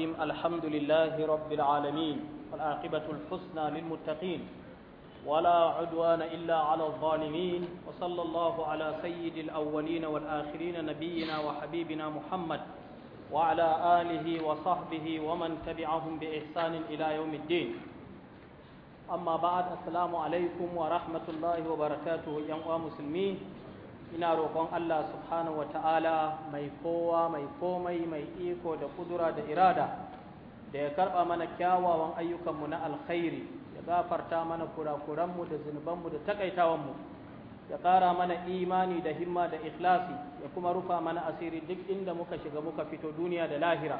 الحمد لله رب العالمين والعاقبة الحسنى للمتقين ولا عدوان إلا على الظالمين وصلى الله على سيد الأولين والآخرين نبينا وحبيبنا محمد وعلى آله وصحبه ومن تبعهم بإحسان إلى يوم الدين أما بعد السلام عليكم ورحمة الله وبركاته يا مسلمين ina roƙon Allah subhanahu wata'ala mai kowa mai komai mai iko da kudura da irada da ya karɓa mana kyawawan ayyukanmu na alkhairi ya gafarta mana kurakuranmu da zunubanmu da takaitawanmu ya ƙara mana imani da himma da ikhlasi ya kuma rufa mana asiri duk inda muka shiga muka fito duniya da lahira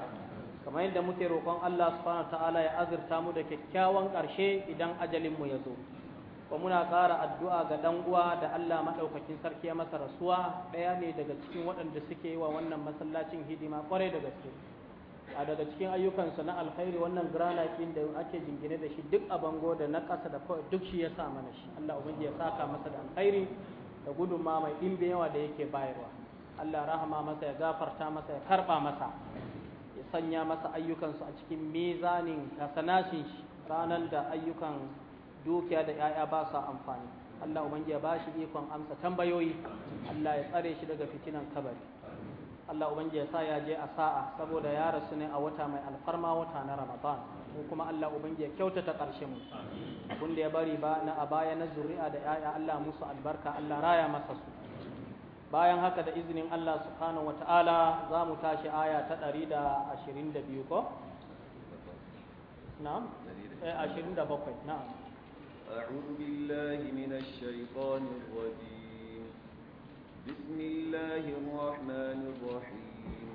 kamar yadda muke roƙon Allah subhanahu wata'ala ya azurta mu da kyakkyawan ƙarshe idan ajalinmu ya zo wa muna ƙara addu'a ga dan uwa da Allah maɗaukakin sarki ya masa rasuwa ɗaya ne daga cikin waɗanda suke yi wa wannan masallacin hidima ƙwarai da gaske a daga cikin ayyukansa na alkhairi wannan granakin da ake jingine da shi duk a bango da na ƙasa da duk shi ya sa mana shi Allah ubangi ya saka masa da alkhairi da gudunma mai ɗimbe yawa da yake bayarwa Allah rahama masa ya gafarta masa ya karɓa masa ya sanya masa ayyukansu a cikin mizanin hasanashin shi ranar da ayyukan dukiya da 'ya'ya ba sa amfani Allah ubangi ya bashi ikon amsa tambayoyi Allah ya tsare shi daga fitinan kabari Allah ubangi ya sa ya je a sa'a saboda ya rasu ne a wata mai alfarma wata na Ramadan ko kuma Allah ubangi ya kyautata karshen mu Wanda ya bari ba na a baya na zuri'a da 'ya'ya Allah musu albarka Allah raya masa su bayan haka da izinin Allah subhanahu wata'ala za mu tashi aya ta 122 ko? na'am 27 eh, na'am أعوذ بالله من الشيطان الرجيم بسم الله الرحمن الرحيم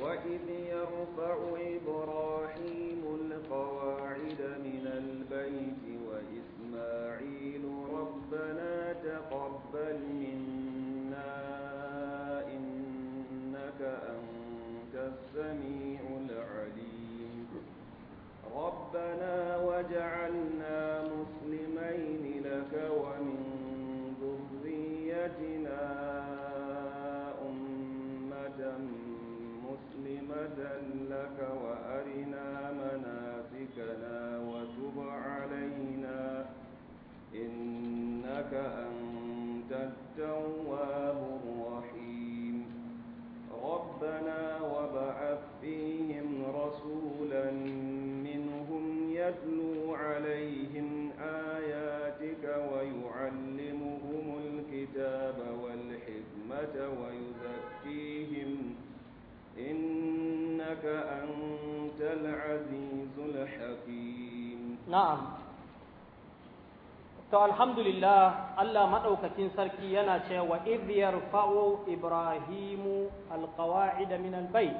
وإذ يرفع إبراهيم القواعد من البيت وإسماعيل alhamdulillah Allah maɗaukakin sarki yana cewa idh fa'o ibrahimu alqawa'ida min albayt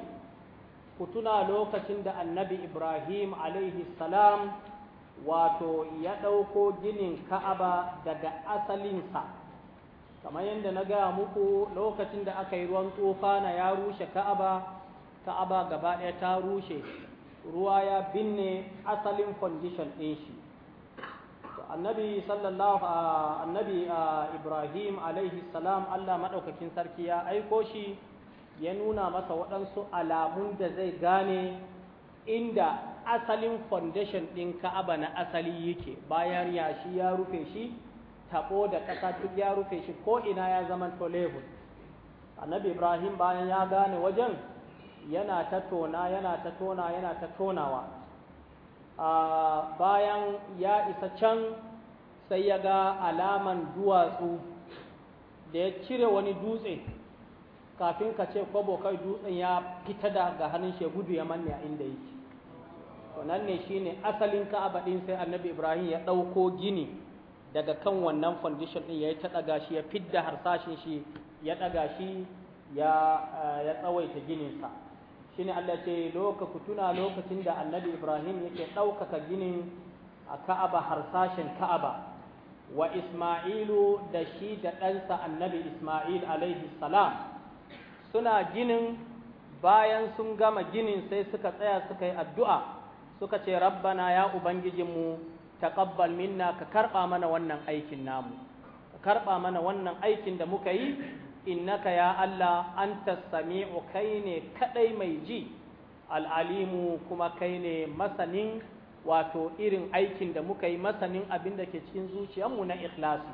ku tuna lokacin da annabi ibrahim alaihi salam wato ya ɗauko ginin ka'aba daga asalinsa kamar yadda na gaya muku lokacin da aka yi ruwan na ya rushe ka'aba ka'aba gaba ɗaya ta rushe ruwa ya binne asalin condition ɗin shi annabi sallallahu annabi ibrahim alaihi salam allah maɗaukakin sarki ya aiko shi ya nuna masa waɗansu alamun da zai gane inda asalin foundation ɗin ka'aba na asali yake bayan yashi ya rufe shi taɓo da ƙasa duk ya rufe shi ko ina ya zama to level annabi ibrahim bayan ya gane wajen yana ta tona yana ta tona yana ta tonawa bayan ya isa can sai ya ga alaman duwatsu da ya cire wani dutse kafin ka ce kwabo kai dutsen ya fita daga hannun shi gudu ya manne a inda yake to nan ne shine asalin ka din sai annabi ibrahim ya ɗauko gini daga kan wannan foundation din yayi ta daga shi ya fidda harsashin shi ya daga shi eh, ya tsawaita gininsa. sa shine Allah ce loka tuna lokacin da annabi Ibrahim yake ɗaukaka ginin a Ka'aba harsashin Ka'aba wa Ismailu da shi da ɗansa annabi Ismail alaihi salam suna ginin bayan sun gama ginin sai suka tsaya suka yi addu'a suka ce rabbana ya ubangijinmu taqabbal minna ka karɓa mana wannan aikin namu ka karɓa mana wannan aikin da muka yi innaka ya Allah an sami'u kai ne kadai mai ji al'alimu kuma kai ne masanin wato irin aikin da muka yi masanin abin da ke cikin zuciyarmu na ikhlasi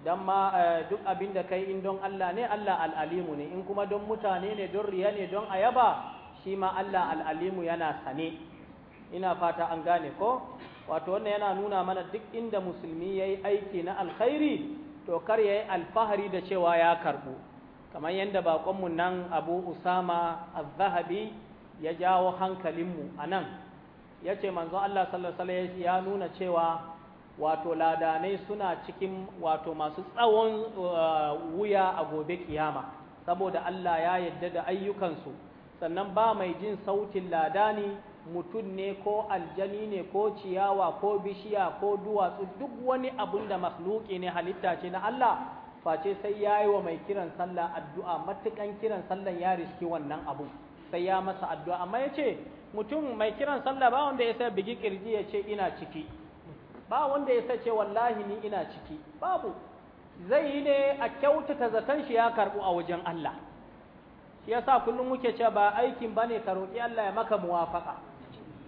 idan ma eh, duk abin da kai in don Allah ne Allah al'alimu ne in kuma don mutane ne don riya ne don ayaba shi ma Allah al'alimu yana sane ina fata an gane ko wato wannan yana nuna mana duk inda musulmi ya yi aiki na alkhairi to kar ya yi alfahari da cewa ya karɓu kamar yadda baƙonmu nan abu usama az-zahabi ya jawo hankalinmu a nan ya ce manzo Allah sallallahu ya nuna cewa wato ladanai suna cikin wato masu tsawon uh, wuya a gobe kiyama saboda Allah ya yadda da ayyukansu sannan ba mai jin sautin ladani mutum ne ko aljani ne ko ciyawa ko bishiya ko duwatsu duk wani abun da masluki ne halitta ce na Allah face sai ya yi wa mai kiran sallah addu'a matukan kiran sallah ya riski wannan abu sai ya masa addu'a amma ya ce mutum mai kiran sallah ba wanda ya sai bigi kirji ya ce ina ciki ba wanda ya ce wallahi ni ina ciki babu zai yi ne a kyautata zaton shi ya karɓu a wajen Allah shi yasa kullum muke cewa ba aikin bane ka roki Allah ya maka muwafaka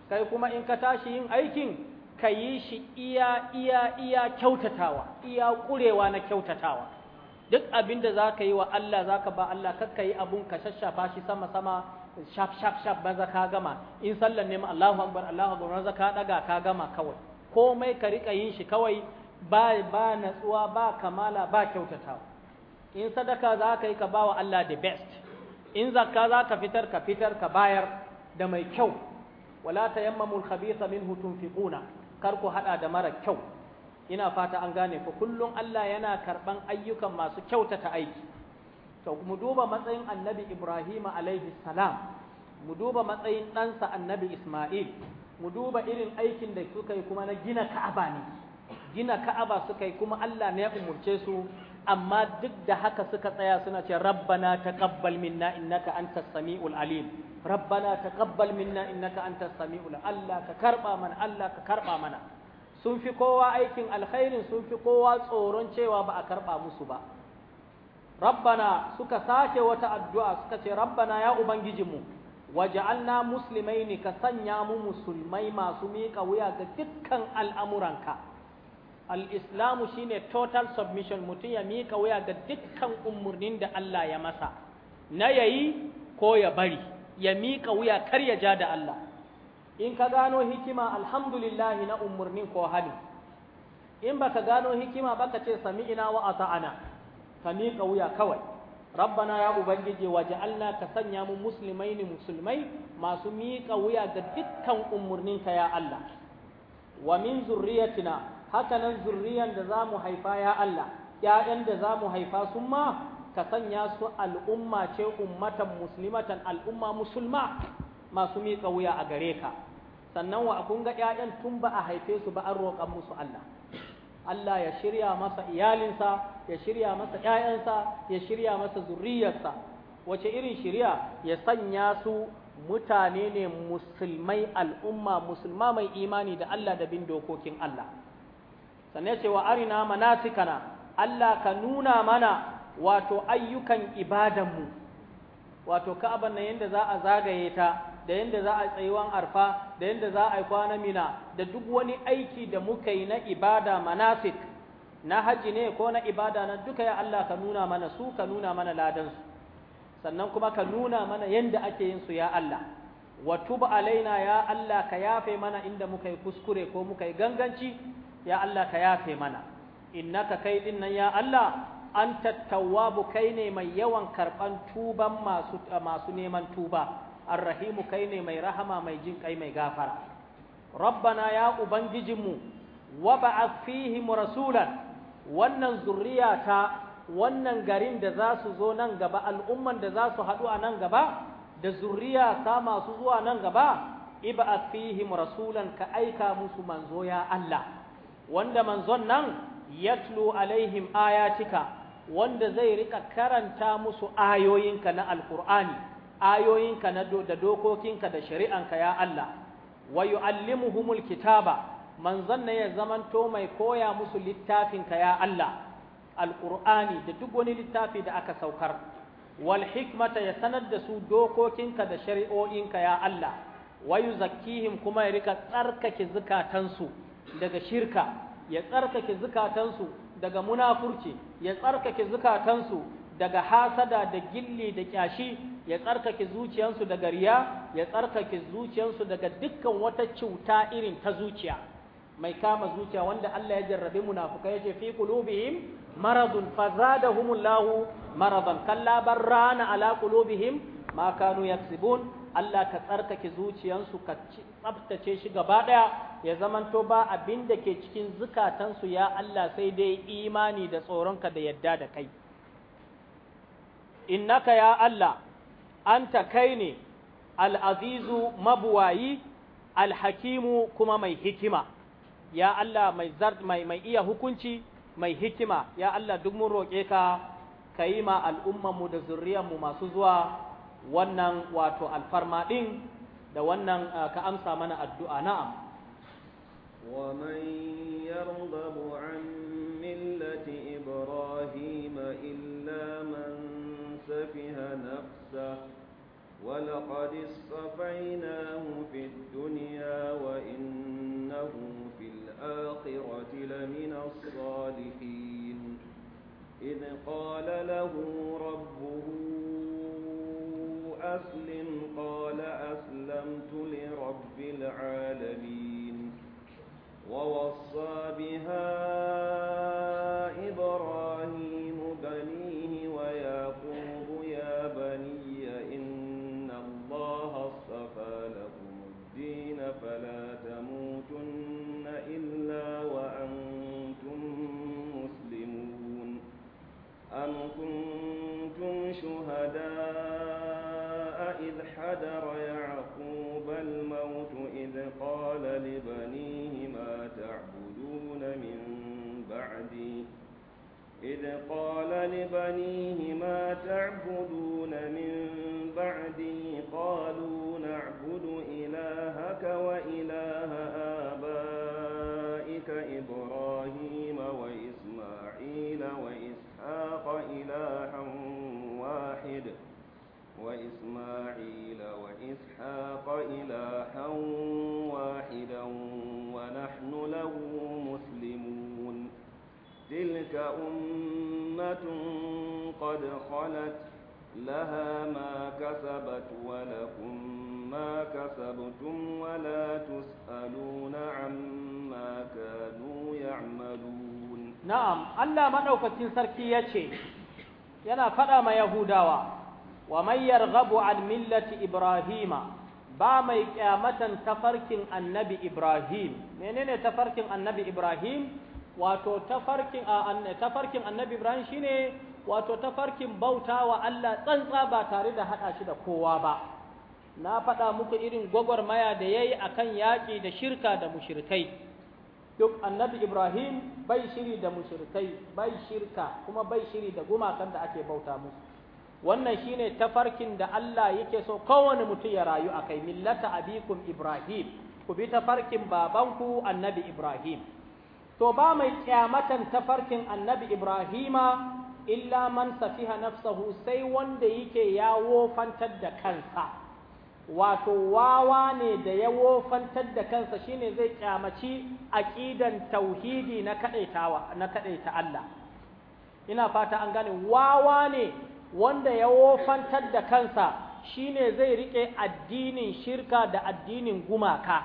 kai kuma in ka tashi yin aikin ka yi shi iya iya iya kyautatawa iya kurewa na kyautatawa duk abinda zaka yi wa Allah zaka ba Allah kakka yi abun ka shashafa shi sama sama shaf shaf shaf banza ka gama in sallan ne ma Allahu akbar Allahu akbar banza ka daga ka gama kawai komai ka rika yin shi kawai ba ba natsuwa ba kamala ba kyautatawa in sadaka za ka yi ka ba wa Allah the best in zakka za ka fitar ka fitar ka bayar da mai kyau wala ta tayammamul khabitha fi tunfiquna kar ku haɗa da mara kyau ina fata an gane ku kullum Allah yana karɓan ayyukan masu kyautata aiki to mu duba matsayin annabi Ibrahim alaihi salam mu duba matsayin ɗansa annabi Ismail mu duba irin aikin da suka yi kuma na gina Ka'aba ne gina Ka'aba suka yi kuma Allah ne ya umurce su amma duk da haka suka tsaya suna ce rabbana taqabbal minna innaka antas samiul alim rabbana taqabbal minna innaka antas samiul Allah ka karba mana Allah ka karba mana sun fi kowa aikin alkhairin sun fi kowa tsoron cewa ba a karba musu ba rabbana suka sake wata addu'a suka ce rabbana ya ubangijinmu waj'alna muslimaini ka sanya mu musulmai masu miƙa wuya ga dukkan al'amuranka al-islamu shine total submission mutum ya mika wuya ga dukkan umurnin da Allah ya masa na yayi ko ya bari ya mika wuya kar ya ja da Allah in ka gano hikima alhamdulillah na umurnin ko hali in baka gano hikima baka ce sami'ina wa ata'ana ka mika wuya kawai rabbana ya ubangije Allah ka sanya mu muslimai ne musulmai masu mika wuya ga dukkan ka ya Allah wa min zurriyatina haka nan zurriyan da za mu haifa ya Allah ‘ya'yan da za mu haifa sun ma ka sanya su al'umma ce ummatan musulmatan al'umma musulma masu miƙa wuya a gare ka sannan wa kun ga ‘ya'yan tun ba a haife su ba an roƙan musu Allah Allah ya shirya masa iyalinsa ya shirya masa ‘ya'yansa ya shirya masa zurriyarsa wace irin shirya ya sanya su mutane ne musulmai al'umma musulma mai imani da Allah da bin dokokin Allah sannan cewa ce wa arina manasikana Allah ka nuna mana wato ayyukan ibadanmu wato ka'aban nan yadda za a zagaye ta da yadda za a tsayuwan arfa da yadda za a kwana mina da duk wani aiki da muka yi na ibada manasik na haji ne ko na ibada na duka ya Allah ka nuna mana su ka nuna mana ladansu sannan kuma ka nuna mana yadda ake yin su ya Allah wa tub alaina ya Allah ka yafe mana inda muka yi kuskure ko muka yi ganganci ya Allah ka yafe mana innaka kai din nan ya Allah an tattawabu kai ne mai yawan karban tuban masu masu neman tuba arrahimu kai ne mai rahama mai jin kai mai gafara rabbana ya ubangijinmu wa ba'ath fihim rasulan wannan zuriya ta wannan garin da za su zo nan gaba al'umman da za su haɗu a nan gaba da zuriya ta masu zuwa nan gaba iba fihim rasulan ka aika musu manzo ya Allah wanda manzon nan yatlu alaihim ayatika wanda zai rika karanta musu ayoyinka na alkur'ani ayoyinka na da dokokinka da shari'anka ya Allah wa yuallimuhumul kitaba manzon na ya zamanto mai koya musu littafinka ya Allah Alƙur'ani, da duk wani littafi da aka saukar wal hikmata ya sanar da su dokokinka da shari'o'inka ya Allah wayu zakkihim kuma ya rika tsarkake zukatansu daga shirka ya tsarkake zukatansu daga munafurci ya tsarkake zukatansu daga hasada da gilli da kyashi ya tsarkake zuciyansu daga riya ya tsarkake zuciyansu daga dukkan wata cuta irin ta zuciya mai kama zuciya wanda Allah ya jarrabe munafukai yace fi qulubihim maradun fazadahumullahu maradan kalla ala qulubihim ma kanu yaksibun Allah ka tsarkake zuciyansu ka tsabtace shi gaba ɗaya ya zamanto ba abin da ke cikin zukatansu ya Allah sai dai imani da tsoronka da yadda da kai innaka ya Allah anta kai ne al'azizu mabuwayi alhakimu kuma mai hikima ya Allah mai mai mai iya hukunci mai hikima ya Allah duk mun roƙe ka ka yi ma al'ummanmu da zurriyanmu masu zuwa wannan wato alfarma ɗin da wannan ah, ka amsa mana addu'a na'am. ومن يرغب عن ملة إبراهيم إلا من سفه نفسه ولقد اصطفيناه في الدنيا وإنه في الآخرة لمن الصالحين إذ قال له ربه أسلم قال أسلمت لرب العالمين ووصى بها إذ قال لبنيه ما تعبدون من بعدي قالوا na'am Allah maɗaukacin sarki ya ce, yana faɗa ma Yahudawa wa mayar rabu almillati millati Ibrahima ba mai ƙyamatan tafarkin annabi Ibrahim menene tafarkin annabi Ibrahim wato tafarkin tafarkin annabi Ibrahim shine wato tafarkin bauta wa Allah tsantsa ba tare da haɗa shi da kowa ba na faɗa muku irin gwagwarmaya da yayi akan yaƙi da shirka da mushirkai. duk annabi ibrahim bai shiri da mushirkai bai shirka kuma bai shiri da gumakan da ake bauta musu wannan shine tafarkin da Allah yake so kowane mutum ya rayu a kai millata abikum ibrahim ku bi tafarkin babanku annabi ibrahim to ba mai kyamatan tafarkin annabi ibrahima illa man safiha nafsahu sai wanda yake ya wofantar da kansa wato wawa ne da ya wofantar da kansa shine zai kyamaci aqidan tauhidi na kadaitawa na kadaita Allah ina fata an gane wawa ne wanda ya wofantar da kansa shine zai rike addinin shirka da addinin gumaka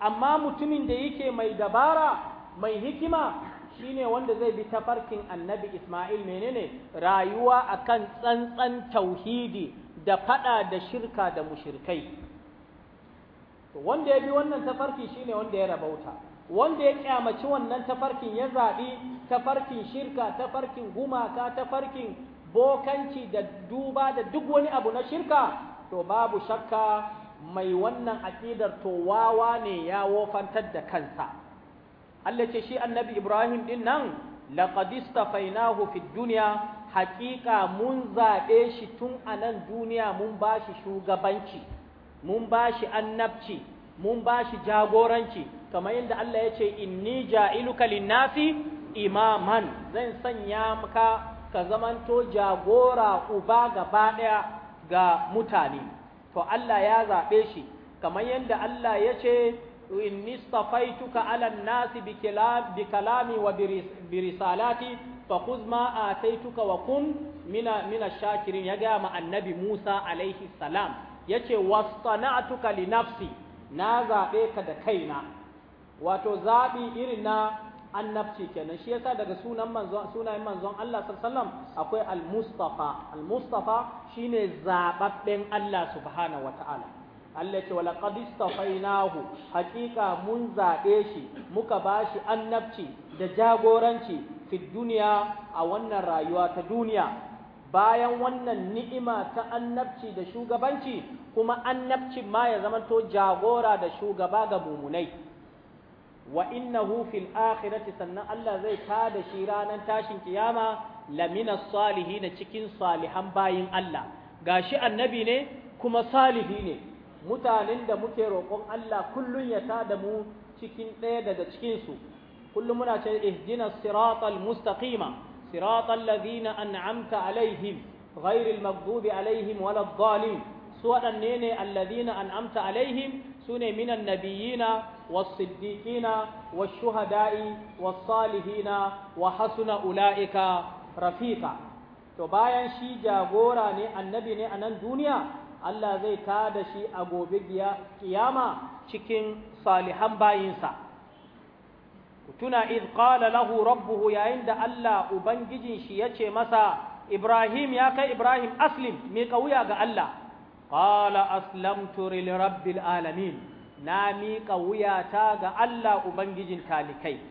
amma mutumin da yake mai dabara mai hikima shine wanda zai bi tafarkin annabi Ismail menene rayuwa akan tsantsan tauhidi da faɗa da shirka da mushirkai wanda ya bi wannan tafarki shine wanda ya rabauta wanda ya kyamaci wannan tafarkin ya zaɓi tafarkin shirka tafarkin gumaka tafarkin bokanci da duba da duk wani abu na shirka to babu shakka mai wannan aƙidar to wawa ne ya wofantar da kansa Allah ce shi annabi Ibrahim ɗinnan, nan laqad fainahu fid duniya. haƙiƙa mun zaɓe shi tun a nan duniya mun ba shi shugabanci mun ba shi annabci mun ba shi jagoranci kamar yadda Allah ya ce inni ja'iluka linnasi imaman zan sanya maka ka zamanto jagora uba gaba ɗaya ga mutane to Allah ya zaɓe shi kamar yadda Allah ya ce inni safaituka ala nasi bi kalami wa birisalati فخذ ما a وكن wa kun mina, shakirin ya موسى عليه annabi Musa alaihi salam ya ce li nafsi na zaɓe ka da kaina wato zaɓi irin na annabci kenan shi yasa daga sunan manzon sunayen manzon Allah sallallahu akwai al-mustafa al-mustafa shine zababben Allah subhanahu wataala Allah ce wala laqad istafainahu hakika mun zabe shi muka bashi annabci da jagoranci fi duniya a wannan rayuwa ta duniya bayan wannan ni'ima ta annabci da shugabanci kuma annabci ma ya zamanto jagora da shugaba ga mumunai wa innahu fil akhirati sannan Allah zai tada shi ranar tashin kiyama lamina salihin cikin salihan bayin Allah gashi annabi ne kuma salihi ne mutanen da muke roƙon Allah kullun ya tada mu cikin ɗaya daga cikinsu. su kullum muna ce ihdina siratal mustaqima siratal ladina an'amta alaihim ghairil maghdubi alaihim walad dhalim su waɗanne ne alladina an'amta alaihim sune minan nabiyina والصديقين salihina wa hasuna ulaika rafiqa to bayan shi jagora ne annabi ne a nan duniya Allah zai tada shi a gobe kiyama cikin salihan bayinsa ku tuna iz qala lahu rabbuhu yayin da Allah ubangijin shi yace masa Ibrahim ya kai Ibrahim aslim miƙa kauya ga Allah qala aslamtu lil rabbil alamin na mi kauya ta ga Allah ubangijin talikai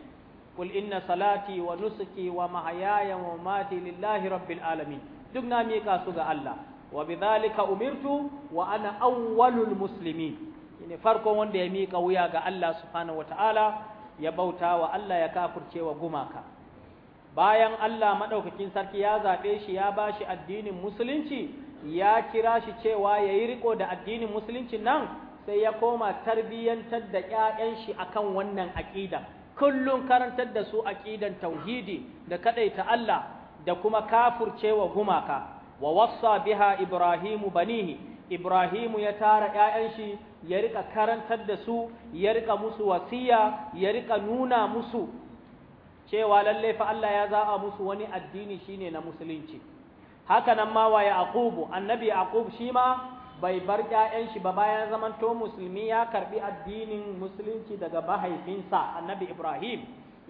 Kul inna salati wa nusuki wa mahayaya wa mamati lillahi rabbil alamin duk na miƙa su ga Allah wa bidhalika umirtu wa ana awwalul muslimin ne farkon wanda ya miƙa wuya ga Allah subhanahu wataala ya bauta wa Allah ya kafurce wa gumaka bayan Allah madaukakin sarki ya zaɓe shi ya ba shi addinin musulunci ya kira shi cewa yayi riko da addinin musulunci nan sai ya koma tarbiyyantar da ƴaƴan shi akan wannan aqida kullum karantar da su aƙidan tauhidi da kadaita Allah da kuma kafurcewa gumaka wa wassa biha ibrahimu banihi Ibrahimu ya tara ‘ya'yan shi ya rika karantar da su, ya rika musu wasiya, ya rika nuna musu cewa lalle fa Allah ya za'a musu wani addini shine na musulunci. Haka nan ma wa Akubu, annabi Akubu shi ma bai bar ‘ya'yan shi ba bayan zamanto musulmi ya karɓi addinin musulunci daga mahaifinsa annabi Ibrahim.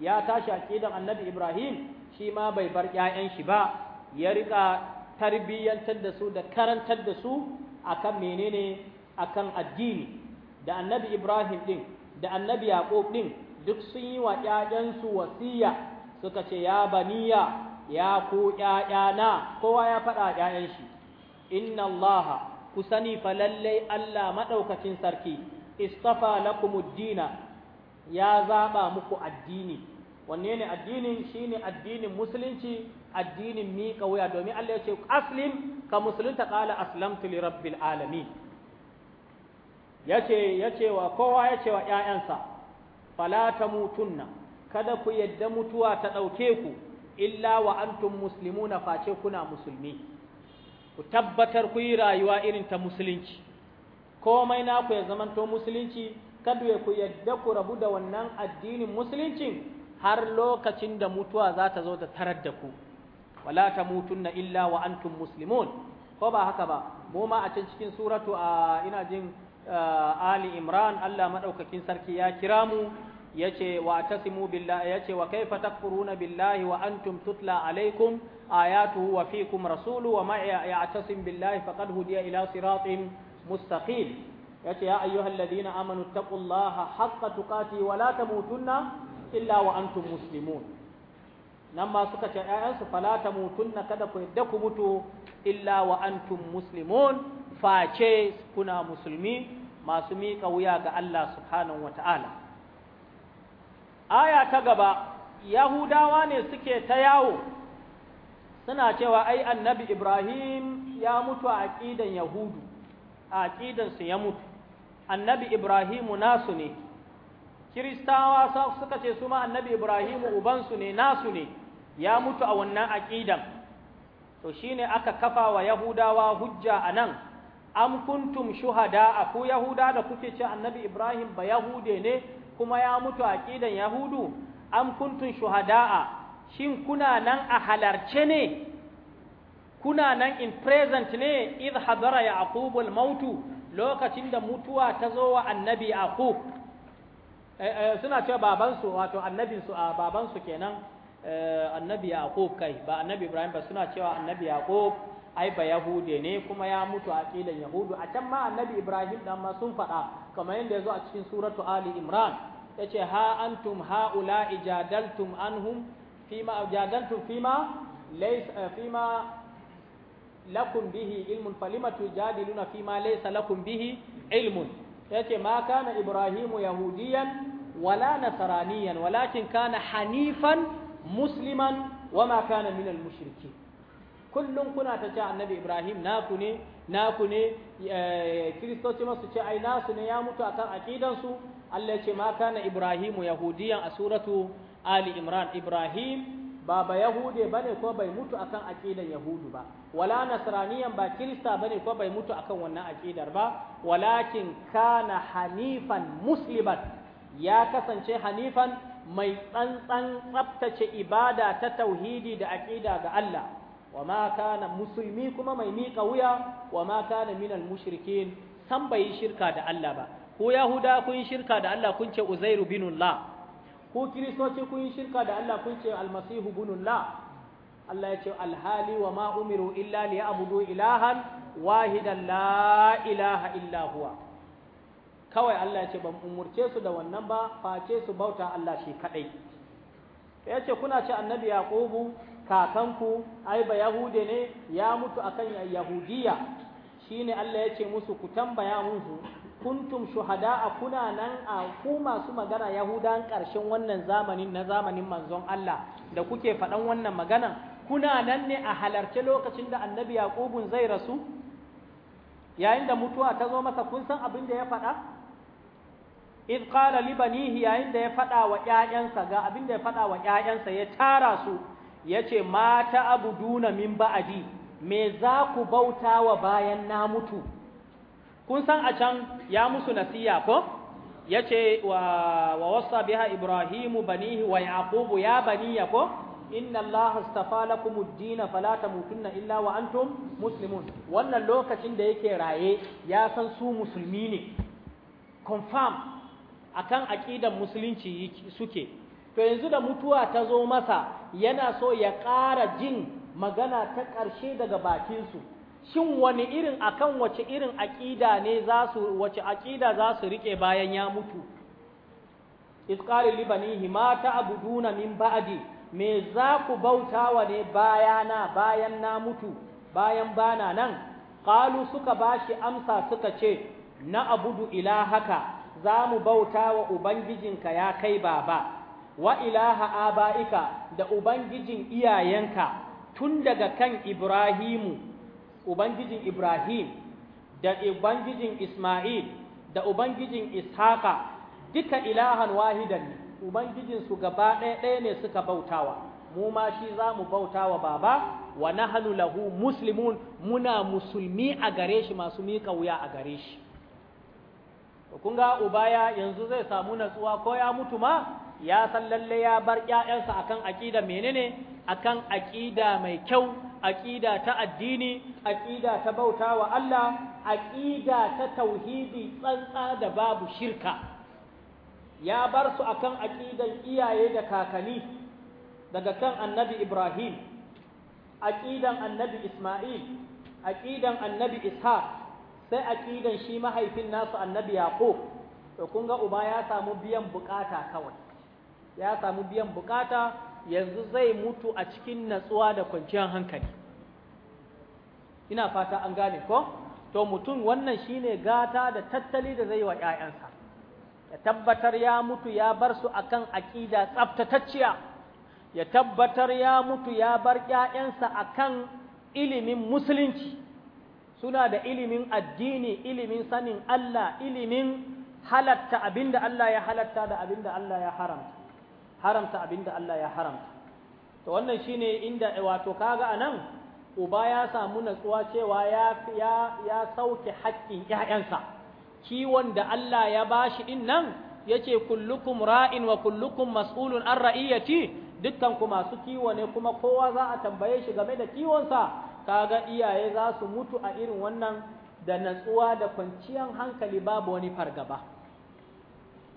Ya tashi a ƙidan annabi Ibrahim shi ma bai bar ‘ya'yan shi ba, ya riƙa tarbiyyantar da su da karantar da su akan menene akan addini da annabi Ibrahim din da annabi Yaqub din duk sun yi wa ƴaƴansu wasiya suka ce ya baniya ya ku ƴaƴana kowa ya faɗa ƴaƴan shi inna Allah ku sani fa lallai Allah madaukakin sarki istafa lakumud dina ya zaba muku addini wanne ne addinin shine addinin musulunci addinin miƙa wuya domin Allah ya ce aslim ka musulunta kala aslamtu li rabbil alami. yace yace wa kowa yace wa ƴaƴansa fala tamutunna kada ku yadda mutuwa ta ɗauke ku illa wa musulmu muslimuna face kuna musulmi ku tabbatar ku yi rayuwa irin ta musulunci komai naku ya zamanto musulunci kada ya ku yadda ku rabu da wannan addinin musuluncin har lokacin da mutuwa za ta zo da tarar da ku wala tamutunna illa wa antum ko ba haka ba mu ma a can cikin suratu a ina jin ali imran Allah madaukakin sarki ya kira mu yace wa tasimu billahi yace wa kaifa takfuruna billahi wa antum tutla alaikum ayatuhu wa fikum rasulu wa ma ya'tasim billahi faqad hudiya ila siratin mustaqim yace ya ayyuhalladhina amanu taqullaha haqqa tuqati wa la tamutunna illa wa antum nan ma suka ce ‘ya'yansu falata na kada ku yadda ku mutu illa wa antum muslimun face kuna musulmi masu miƙa wuya ga Allah subhanahu wa ta'ala. Aya ta gaba, Yahudawa ne suke ta yawo, suna cewa ai annabi Ibrahim ya mutu a aƙidan Yahudu, a aƙidansu ya mutu, annabi Ibrahimu nasu ne, Kiristawa suka ce su ma annabi Ibrahimu ubansu ne, nasu ne. ya mutu a wannan aƙidan to shine aka kafa wa yahudawa hujja anan am kuntum shuhada ku yahuda da kuke ce annabi ibrahim ba yahude ne kuma ya mutu a aqidan yahudu am kuntum shuhada'a shin kuna nan a halarce ne kuna nan in present ne idh hadara yaqub al maut lokacin da mutuwa ta zo wa annabi yaqub eh, eh, suna cewa babansu wato annabinsu a babansu kenan Eh, annabi yaqub kai ba annabi ibrahim ba suna cewa annabi yaqub ai ba yahude ne kuma ya mutu a kilan yahudu a can ma annabi ibrahim dan ma sun faɗa kamar yadda yazo a cikin suratu ali imran yace ha antum haula ijadaltum anhum fima jadaltum fima laysa eh, fima lakum bihi ilmun falima tujadiluna fima laysa lakum bihi ilmun yace ma kana ibrahimu yahudiyan wala nasraniyan walakin kana hanifan musliman wa ma kana min al mushriki kullum kuna ta ce annabi ibrahim ku ne ku ne kiristoci masu ce ai nasu ne ya mutu akan aqidan su Allah ce ma kana ibrahimu yahudiyan a suratu ali imran ibrahim ba ba yahude bane ko bai mutu akan aqidan yahudu ba wala nasraniyan ba kirista bane ko bai mutu akan wannan aqidar ba walakin kana hanifan musliman ya kasance hanifan mai tsantsan tsaftace ibada ta tauhidi da aqida ga Allah wa ma kana musulmi kuma mai miƙa wuya wa ma kana minal mushrikin san bai shirka da Allah ba ko yahuda kun shirka da Allah kun ce uzairu binullah ko kiristoci kun shirka da Allah kun ce almasihu binullah Allah ya ce alhali wa ma umiru illa liya'budu ilahan wahidan la ilaha illa huwa kawai Allah ya ce ban umurce su da wannan ba face su bauta Allah shi kadai ya ce kuna ce annabi yaqubu kakanku ai ba yahude ne ya mutu akan yahudiya shine Allah ya ce musu ku tambaya musu kuntum a kuna nan a ku masu magana yahudan karshen wannan zamanin na zamanin manzon Allah da kuke faɗan wannan magana kuna nan ne a halarce lokacin da annabi yaqubun zai rasu yayin da mutuwa ta zo masa kun san abin da ya faɗa idh qala li banihi yayin da ya fada wa ƴaƴansa ga abin da ya fada wa ƴaƴansa ya tara su yace mata abuduna min ba'di me za ku bauta wa bayan na mutu kun san a can ya musu nasiya ko yace wa wa wasa biha ibrahimu banihi wa yaqubu ya ya ko inna allaha astafa lakum ad-din fala tamutunna illa wa antum muslimun wannan lokacin da yake raye ya san su musulmi ne confirm akan aƙidan musulunci suke to yanzu da mutuwa ta zo masa yana so ya ƙara jin magana ta ƙarshe daga bakinsu shin wani irin akan wace irin aƙida ne za su wace aƙida za su riƙe bayan ya mutu isqari libanihi ma ta min ba'di me za ku bautawa ne bayana bayan na mutu bayan bana nan qalu suka bashi amsa suka ce na abudu ilahaka za mu bauta wa Ubangijinka ya kai baba, wa ilaha aba'ika da Ubangijin iyayenka tun daga kan Ibrahimu, Ubangijin Ibrahim, da Ubangijin Ismail, da Ubangijin Ishaka, duka ilahan wahidan ne, Ubangijinsu gaba ɗaya ɗaya ne suka bautawa, mu ma shi za mu bauta wa baba, wa nahanu lahu muslimun muna musulmi a gare shi masu miƙa wuya a gare shi. kun ga ubaya yanzu zai samu natsuwa ko ya mutu ma ya san lalle ya bar ƴaƴansa akan aqida menene akan aqida mai kyau aqida ta addini aqida ta bauta wa Allah aqida ta tauhidi tsantsa da babu shirka ya bar su akan aqidan iyaye da kakanni daga kan annabi Ibrahim aqidan annabi Isma'il aqidan annabi Ishaq sai aqidan shi mahaifin nasu annabi yaqub to kun ga uba ya samu biyan bukata kawai ya samu biyan bukata yanzu zai mutu a cikin natsuwa da kwanciyar hankali ina fata an gane ko to mutum wannan shine gata da tattali da zai wa ƴaƴansa ya tabbatar ya mutu ya bar su akan aqida tsaftatacciya ya tabbatar ya mutu ya bar ƴaƴansa akan ilimin musulunci suna da ilimin addini ilimin sanin Allah ilimin halatta abinda Allah ya halatta da abinda Allah ya haramta haramta abinda Allah ya haramta to wannan shine inda wato kaga anan uba ya samu natsuwa cewa ya ya ya sauke haƙƙin ƴaƴansa kiwon da Allah ya bashi din nan yace kullukum ra'in wa kullukum mas'ulun an ra'iyati dukkan ku masu kiwo ne kuma kowa za a tambaye shi game da kiwonsa kaga iyaye za su mutu a irin wannan da natsuwa da kwanciyar hankali babu wani fargaba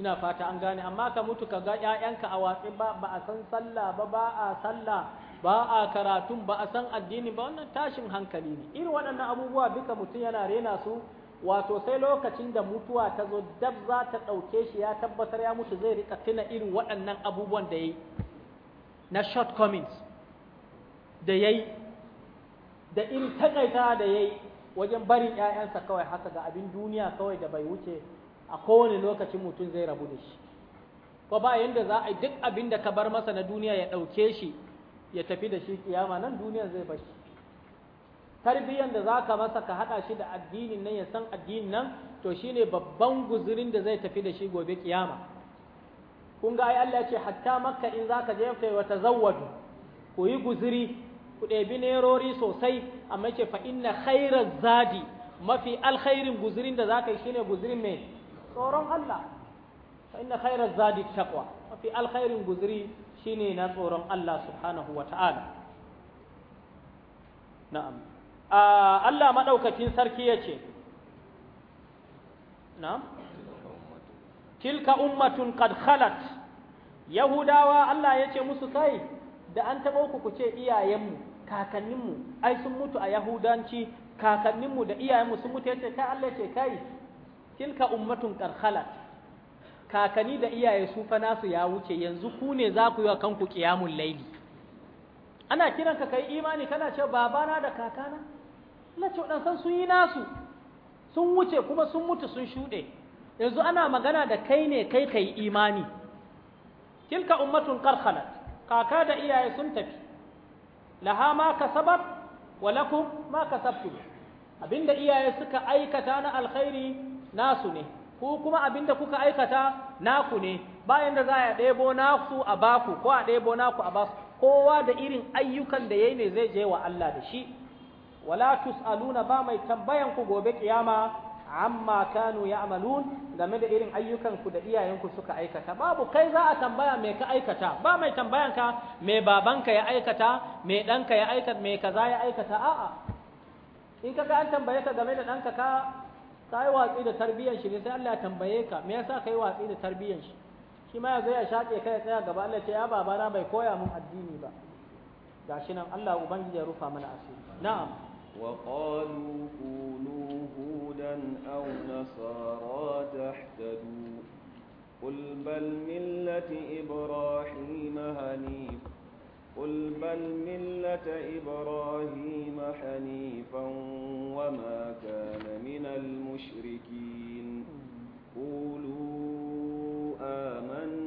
ina fata an gane amma ka mutu ka ga ƴaƴanka a watsi ba ba a san sallah ba ba a sallah ba a karatun ba a san addini ba wannan tashin hankali ne irin waɗannan abubuwa duka mutum yana rena su wato sai lokacin da mutuwa ta zo dab za ta ɗauke shi ya tabbatar ya mutu zai rika tuna irin waɗannan abubuwan da ya na shortcomings da ya yi da in takaita da yayi wajen barin 'ya'yansa kawai haka ga abin duniya kawai da bai wuce a kowane lokacin mutum zai rabu da shi ko ba yanda za a duk abin da ka bar masa na duniya ya ɗauke shi ya tafi da shi kiyama nan duniya zai bashi tarbiyyar da za ka masa ka haɗa shi da addinin nan ya san addinin nan to shine babban guzurin da zai tafi da shi gobe kiyama kun ga ai Allah ya ce hatta makka in za ka je kai wata tazawwadu ku yi guzuri ku ɗebi nerori sosai amma ce fa inna khairar zadi mafi alkhairin guzirin da za ka yi shine guzirin mai tsoron Allah fa inna khairar zadi takwa mafi alkhairin guziri shi ne na tsoron Allah subhanahu wa ta'ala na'am Allah madaukakin sarki ya yace na'am tilka ummatun qad khalat yahudawa Allah ya ce musu kai da an taɓa ku ku ce iyayenmu kakanninmu ai sun mutu a yahudanci kakanninmu da iyayenmu sun mutu yace kai Allah ce kai tilka ummatun qarhalat kakanni da iyaye su fa nasu ya wuce yanzu ku ne za ku yi wa kanku qiyamul laili ana kiranka kai imani kana ce babana da kakana Allah ce waɗansan sun yi nasu sun wuce kuma sun mutu sun shuɗe yanzu ana magana da kai ne kai kai imani tilka ummatun qarhalat kaka da iyaye sun tafi laha ma kasabat wa lakum ma kasabtum abinda iyaye suka aikata na alkhairi nasu ne ku kuma abinda kuka aikata naku ne bayan da za a ɗebo naku a baku ko a ɗebo naku a basu kowa da irin ayyukan da yayi ne zai je wa Allah da shi wala tusaluna ba mai tambayan ku gobe kiyama amma kanu ya'malun game da irin ayyukanku da iyayenku suka aikata babu kai za a tambaya me ka aikata ba mai tambayanka me babanka ya aikata me ɗanka ya aikata me kaza ya aikata a'a in kaga an tambaye ka game da ɗanka ka ka yi watsi da tarbiyyar shi ne sai Allah ya tambaye ka me yasa ka yi watsi da tarbiyyar shi shi ma yazo ya shaƙe kai tsaya gaba Allah ce ya babana bai koya mun addini ba gashi nan Allah ubangiji ya rufa mana asiri na'am وقالوا كونوا هودا أو نصارى تحتدوا قل بل ملة إبراهيم هنيف قل بل ملة إبراهيم حنيفا وما كان من المشركين قولوا آمنا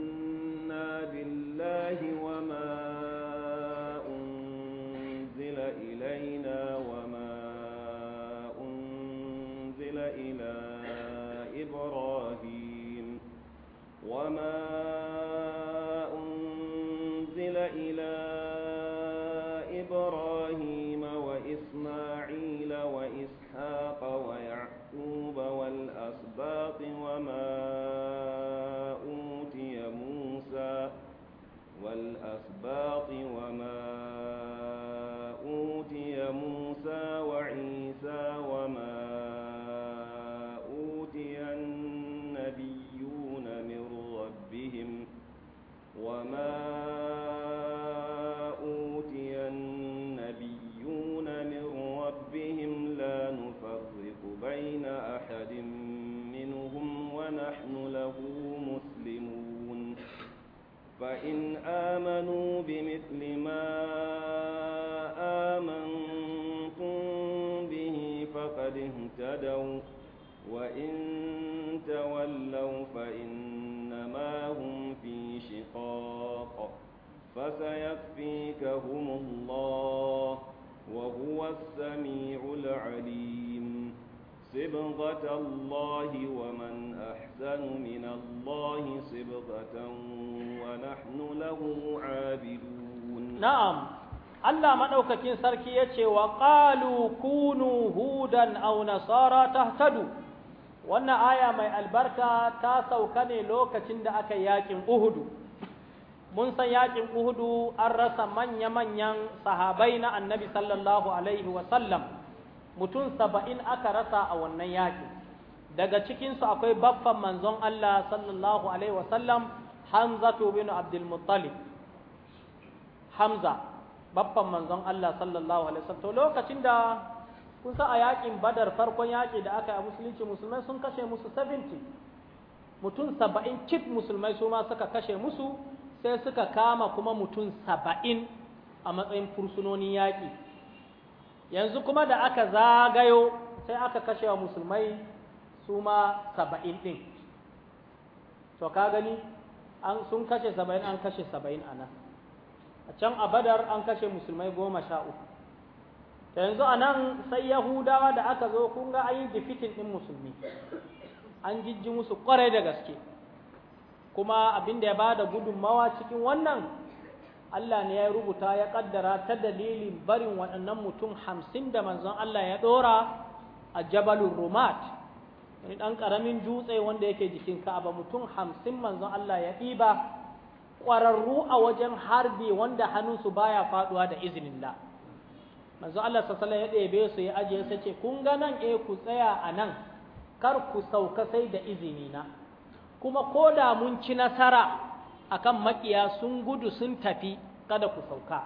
madaukakin sarki ya ce wa ƙalu kunu hudan au nasara tahtadu wannan aya mai albarka ta sauka ne lokacin da aka yakin uhudu mun san yakin uhudu an rasa manya-manyan sahabai na annabi sallallahu alaihi wasallam mutum saba'in aka rasa a wannan yakin daga cikinsu akwai baffan manzon Allah sallallahu alaihi wasallam hamzatu bin abdulmuttalib hamza babban manzon Allah sallallahu alaihi wasallam to lokacin da kun sa a yakin badar farkon yaki da aka yi a musulunci musulmai sun kashe musu 70 mutum 70 kif musulmai su ma suka kashe musu sai suka kama kuma mutum 70 a matsayin fursunonin yaki yanzu kuma da aka zagayo sai aka kashe wa musulmai su ma 70 din to ka gani an sun kashe 70 an kashe 70 nan. a can a badar an kashe musulmai goma sha uku ta yanzu a nan sai yahudawa da aka zo kun ga an yi difitin ɗin musulmi an jijji musu ƙwarai da gaske kuma abin da ya ba da gudunmawa cikin wannan Allah ne ya rubuta ya ƙaddara ta dalilin barin waɗannan mutum hamsin da manzon Allah ya ɗora a jabalun rumat wani ɗan ƙaramin dutse wanda yake jikin ka'aba mutum hamsin manzon Allah ya ɗiba ƙwararru a wajen harbi wanda hannunsu baya faɗuwa da izinin la manzo Allah sassala ya ɗebe su ya ajiye sai ce kun ga nan eh ku tsaya a nan kar ku sauka sai da izini na kuma ko da mun ci nasara akan maƙiya sun gudu sun tafi kada ku sauka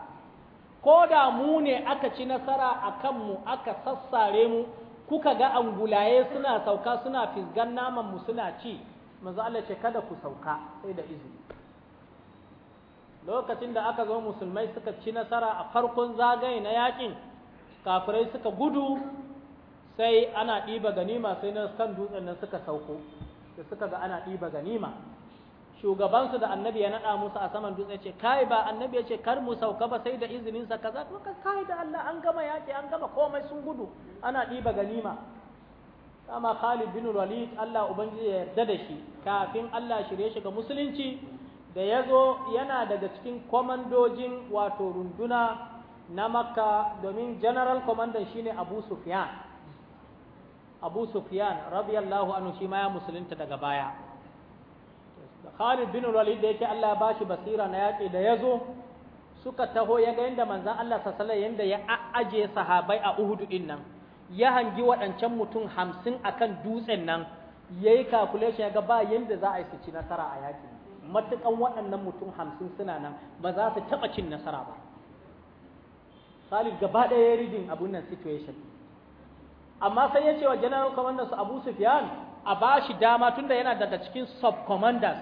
ko da mu ne aka ci nasara akan mu aka sassare mu kuka ga angulaye suna sauka suna fisgan naman mu suna ci manzo Allah ce kada ku sauka sai da izini lokacin da aka zo musulmai suka ci nasara a farkon zagaye na yakin kafirai suka gudu sai ana ɗiba ganima sai na kan dutsen nan suka sauko da suka ga ana ɗiba ganima shugabansu da annabi ya naɗa musu a saman dutse ce kai ba annabi ya ce kar mu sauka ba sai da izininsa kaza to kai da Allah an gama yaƙi an gama komai sun gudu ana ɗiba ganima kama Khalid bin Walid Allah ubangiji ya yarda da shi kafin Allah shirye shi ga musulunci da ya zo yana daga cikin kwamandojin wato runduna na makka domin general commander shine abu sufyan abu sufyan radiyallahu anhu shi ma ya musulunta daga baya Khalid bin Walid da yake Allah ya bashi basira na yaƙi da ya zo suka taho ya ga yadda manzan Allah sassala yadda ya aje sahabai a Uhudu din nan ya hangi waɗancan mutum hamsin akan dutsen nan ya yi calculation ya ga ba yadda za a yi ci nasara a yaƙi matukan waɗannan mutum hamsin suna nan ba za su taɓa cin nasara ba Salif gaba ɗaya ya ridin abun nan situation amma sai ya ce wa general commander su Abu Sufyan a ba shi dama tunda yana daga cikin sub commanders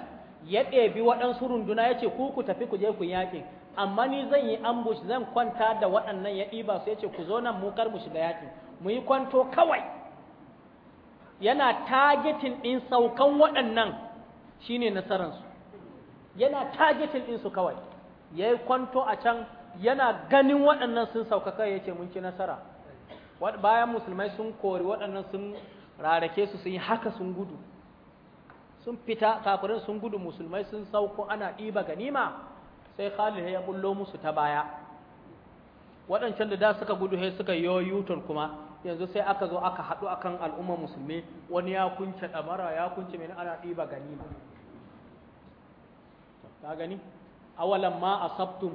ya ɗebi waɗansu runduna ya ce ku ku tafi ku je ku yaƙin amma ni zan yi ambush zan kwanta da waɗannan ya ɗiba su ya ce ku zo nan mu kar mu shiga yaƙin mu yi kwanto kawai yana targeting ɗin saukan waɗannan shine nasararsu yana targeting ɗinsu kawai ya yi kwanto a can yana ganin waɗannan sun saukaka ya ce mun ci nasara bayan musulmai sun kori waɗannan sun rarake su sun yi haka sun gudu sun fita kafirin sun gudu musulmai sun sauko ana ɗiba ganima sai khalid ya bullo musu ta baya waɗancan da da suka gudu sai suka yoyu kuma yanzu sai aka zo aka haɗu akan al'ummar musulmi wani ya kunce ɗamara ya kunce mai ana ɗiba ganima ka gani awalan ma sabtun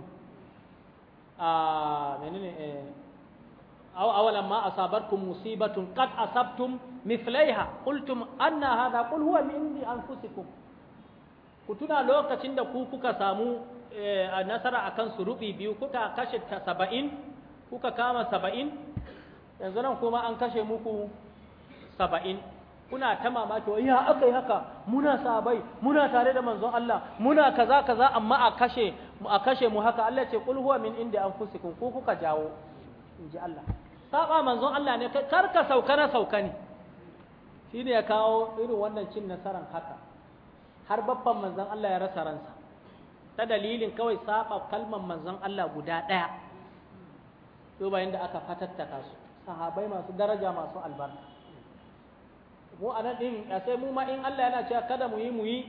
a menene eh, awalan ma asabatkum musibatun qad asabtum mithlaiha qultum anna hadha qul huwa min indi anfusikum ku tuna lokacin da ku kuka samu a eh, nasara a su rubi biyu kuka kashe saba'in kuka kama saba'in yanzu nan kuma an kashe muku saba'in kuna ta mamaki wa ya yi haka muna sabai muna tare da manzon Allah muna kaza kaza amma a kashe a kashe mu haka Allah ce kul huwa min inda anfusikum ku kuka jawo inji Allah saba manzon Allah ne kar ka sauka na sauka ne shine ya kawo irin wannan cin nasaran haka har babban manzon Allah ya rasa ransa ta dalilin kawai saba kalman manzon Allah guda daya to bayan da aka fatattaka su sahabai masu daraja masu albarka mu a nan ɗin a sai mu ma in Allah yana cewa kada mu yi mu yi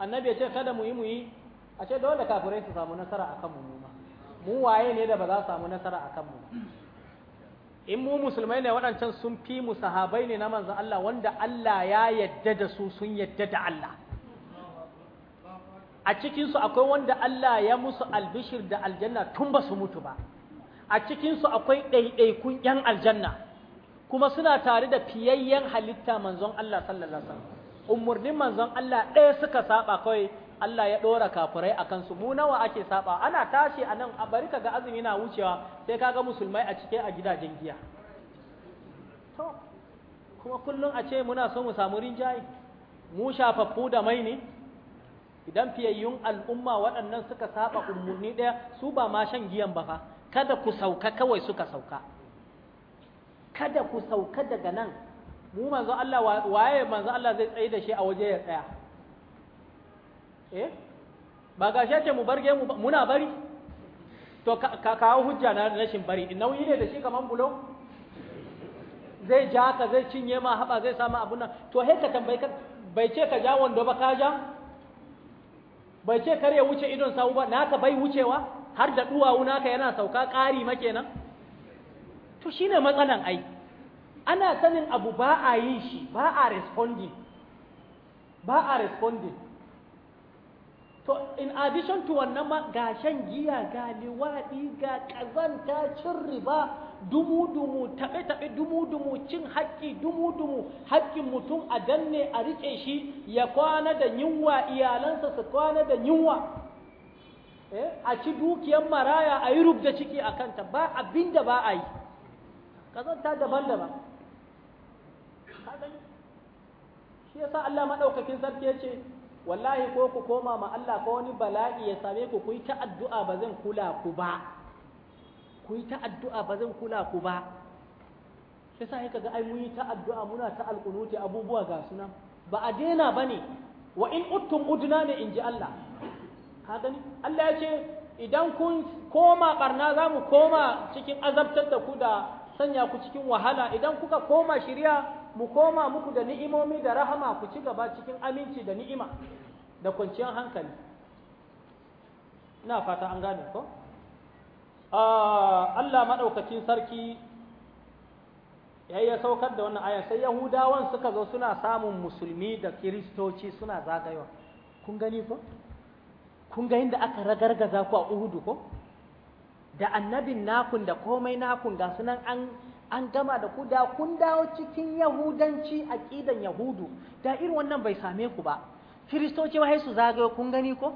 annabi ya ce kada mu yi mu yi a ce dole kafirai su samu nasara a kanmu mu ma mu waye ne da ba za su samu nasara a kanmu ba in mu musulmai ne waɗancan sun fi mu sahabai ne na manzon Allah wanda Allah ya yadda da su sun yadda da Allah a cikinsu akwai wanda Allah ya musu albishir da aljanna tun ba su mutu ba a cikinsu akwai ɗaiɗaikun ƴan aljanna kuma suna tare da fiyayyen halitta manzon Allah sallallahu alaihi umurnin manzon Allah ɗaya suka saba kawai Allah ya ɗora kafurai a kansu mu nawa ake saba ana tashi a nan a bari kaga azumi na wucewa sai kaga musulmai a cike a gidajen giya to kuma kullum a ce muna so mu samu rinjaye mu shafaffu da mai ne idan fiyayyun al'umma waɗannan suka saba umurni ɗaya su ba ma shan giyan ba fa kada ku sauka kawai suka sauka kada ku sauka daga nan mu manzo Allah waye manzo Allah zai tsaye da shi a waje ya tsaya eh ba ga shi ce mu barge mu muna bari to ka kawo hujja na rashin bari in nauyi ne da shi kaman bulo zai ja ka zai cinye ma haba zai samu abun nan to he ka tambayi ka bai ce ka ja wando ba ka ja bai ce kar ya wuce idon sawu ba naka bai wucewa har da duwawu naka yana sauka ƙari ma kenan to shine matsalan ai ana sanin abu ba a yin shi ba a responding ba a responding to in addition to wannan ma ga shan giya ga liwaɗi ga ƙazanta cin riba dumu-dumu taɓe-taɓe dumu-dumu cin haƙƙi dumu-dumu haƙƙin mutum a danne a riƙe shi ya kwana da yunwa iyalansa su kwana da yunwa eh, a ci dukiyar maraya a yi rubda ciki a kanta ba abin da ba a yi ƙazanta daban-daban ka gani shi yasa Allah madaukakin sarki yace wallahi ko ku koma ma Allah ko wani bala'i ya same ku kuyi ta addu'a ba kula ku ba kuyi ta addu'a ba kula ku ba shi yasa kaga ai mun yi ta addu'a muna ta alqunuti abubuwa ga sunan ba a daina bane wa in uttum udna ne inji Allah ka gani Allah yace idan kun koma barna za mu koma cikin azabtar da ku da sanya ku cikin wahala idan kuka koma shirya mu koma muku da ni'imomi da rahama ku ci gaba cikin aminci da ni'ima da kwanciyar hankali ina fata an gane ko ah, Allah maɗaukacin sarki yayya saukar da wannan aya sai yahudawan suka zo suna samun musulmi da kiristoci suna zagayewa kun gani ko kun ga inda aka ragargaza ku a uhudu ko da annabin nakun da komai nakun ga sunan an an gama da ku da kun dawo cikin yahudanci aqidan yahudu da irin wannan bai same ku ba kiristoci ba su zagayo kun gani ko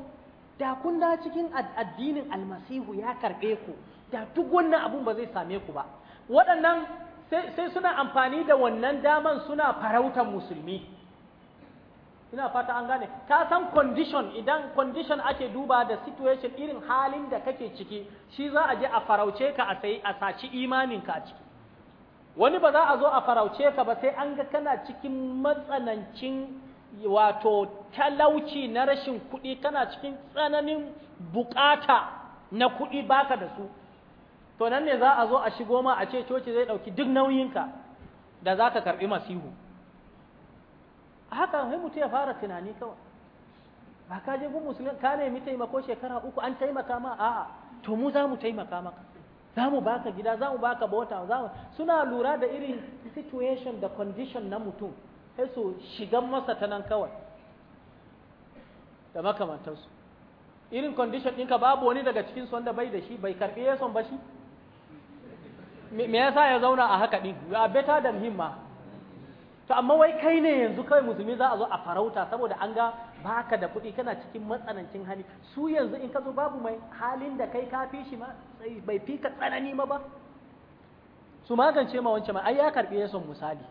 da kun dawo cikin addinin almasihu ya karbe ku da duk wannan abun ba zai same ku ba waɗannan sai suna amfani da wannan daman suna farautar musulmi ina fata an gane ka san condition idan condition ake duba da situation irin halin da kake ciki shi za a je a farauce ka a sai a imaninka a ciki wani ba za a zo a farauce ka ba sai an ga kana cikin matsanancin wato talauci na rashin kuɗi kana cikin tsananin bukata na kuɗi baka da su to nan ne za a zo a shigo ma a ce coci zai ɗauki duk nauyinka da za ka karɓi masihu haka sai mutum ya fara tunani kawai ba ka je gun musulun ka nemi taimako shekara uku an taimaka ma a'a to mu za mu taimaka maka za mu baka gida za mu baka bota za mu suna lura da irin situation da condition na mutum sai su shigan masa ta nan kawai da makamantarsu irin condition ɗinka babu wani daga cikin wanda bai da shi bai karɓi yason ba shi me yasa ya zauna a haka ɗin Ya better than him ma to amma wai kai ne yanzu kawai musulmi za a zo a farauta saboda an ga baka da kuɗi kana cikin matsanancin hali su yanzu in ka zo babu mai halin da kai ka fi shi ma bai fi ka tsanani ma ba su magance ma wancan ma ai ya karɓi yason misali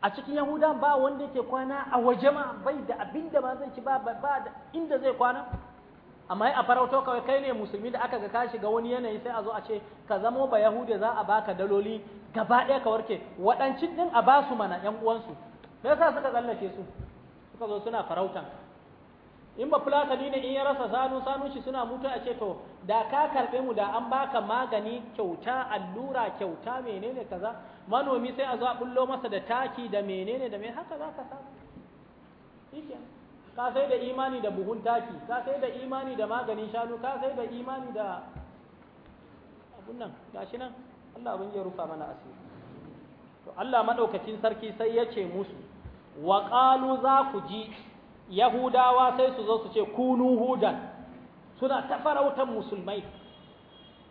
a cikin yahudan ba wanda yake kwana a waje ma bai da abinda da ma zai ci ba ba inda zai kwana amma a farauto kawai kai ne musulmi da aka ga ka shiga wani yanayi sai a zo a ce ka zamo ba yahudi za a baka daloli gaba ɗaya ka warke waɗancin ɗin a basu mana ƴan uwansu me yasa suka tsallake su suka zo suna farautan in ba fulatani ne in ya rasa sanu sanu shi suna mutu a ce to da ka karɓe mu da an baka magani kyauta allura kyauta menene kaza manomi sai a zo a bullo masa da taki da menene da me haka za ka samu ka sai da imani da buhun taki ka sai da imani da maganin shanu ka sai da imani da abun nan gashi nan Allah abin ya rufa mana asiri to Allah madaukakin sarki sai ya ce musu wa qalu za ku ji yahudawa sai su zo su ce kunu hudan suna ta farautan musulmai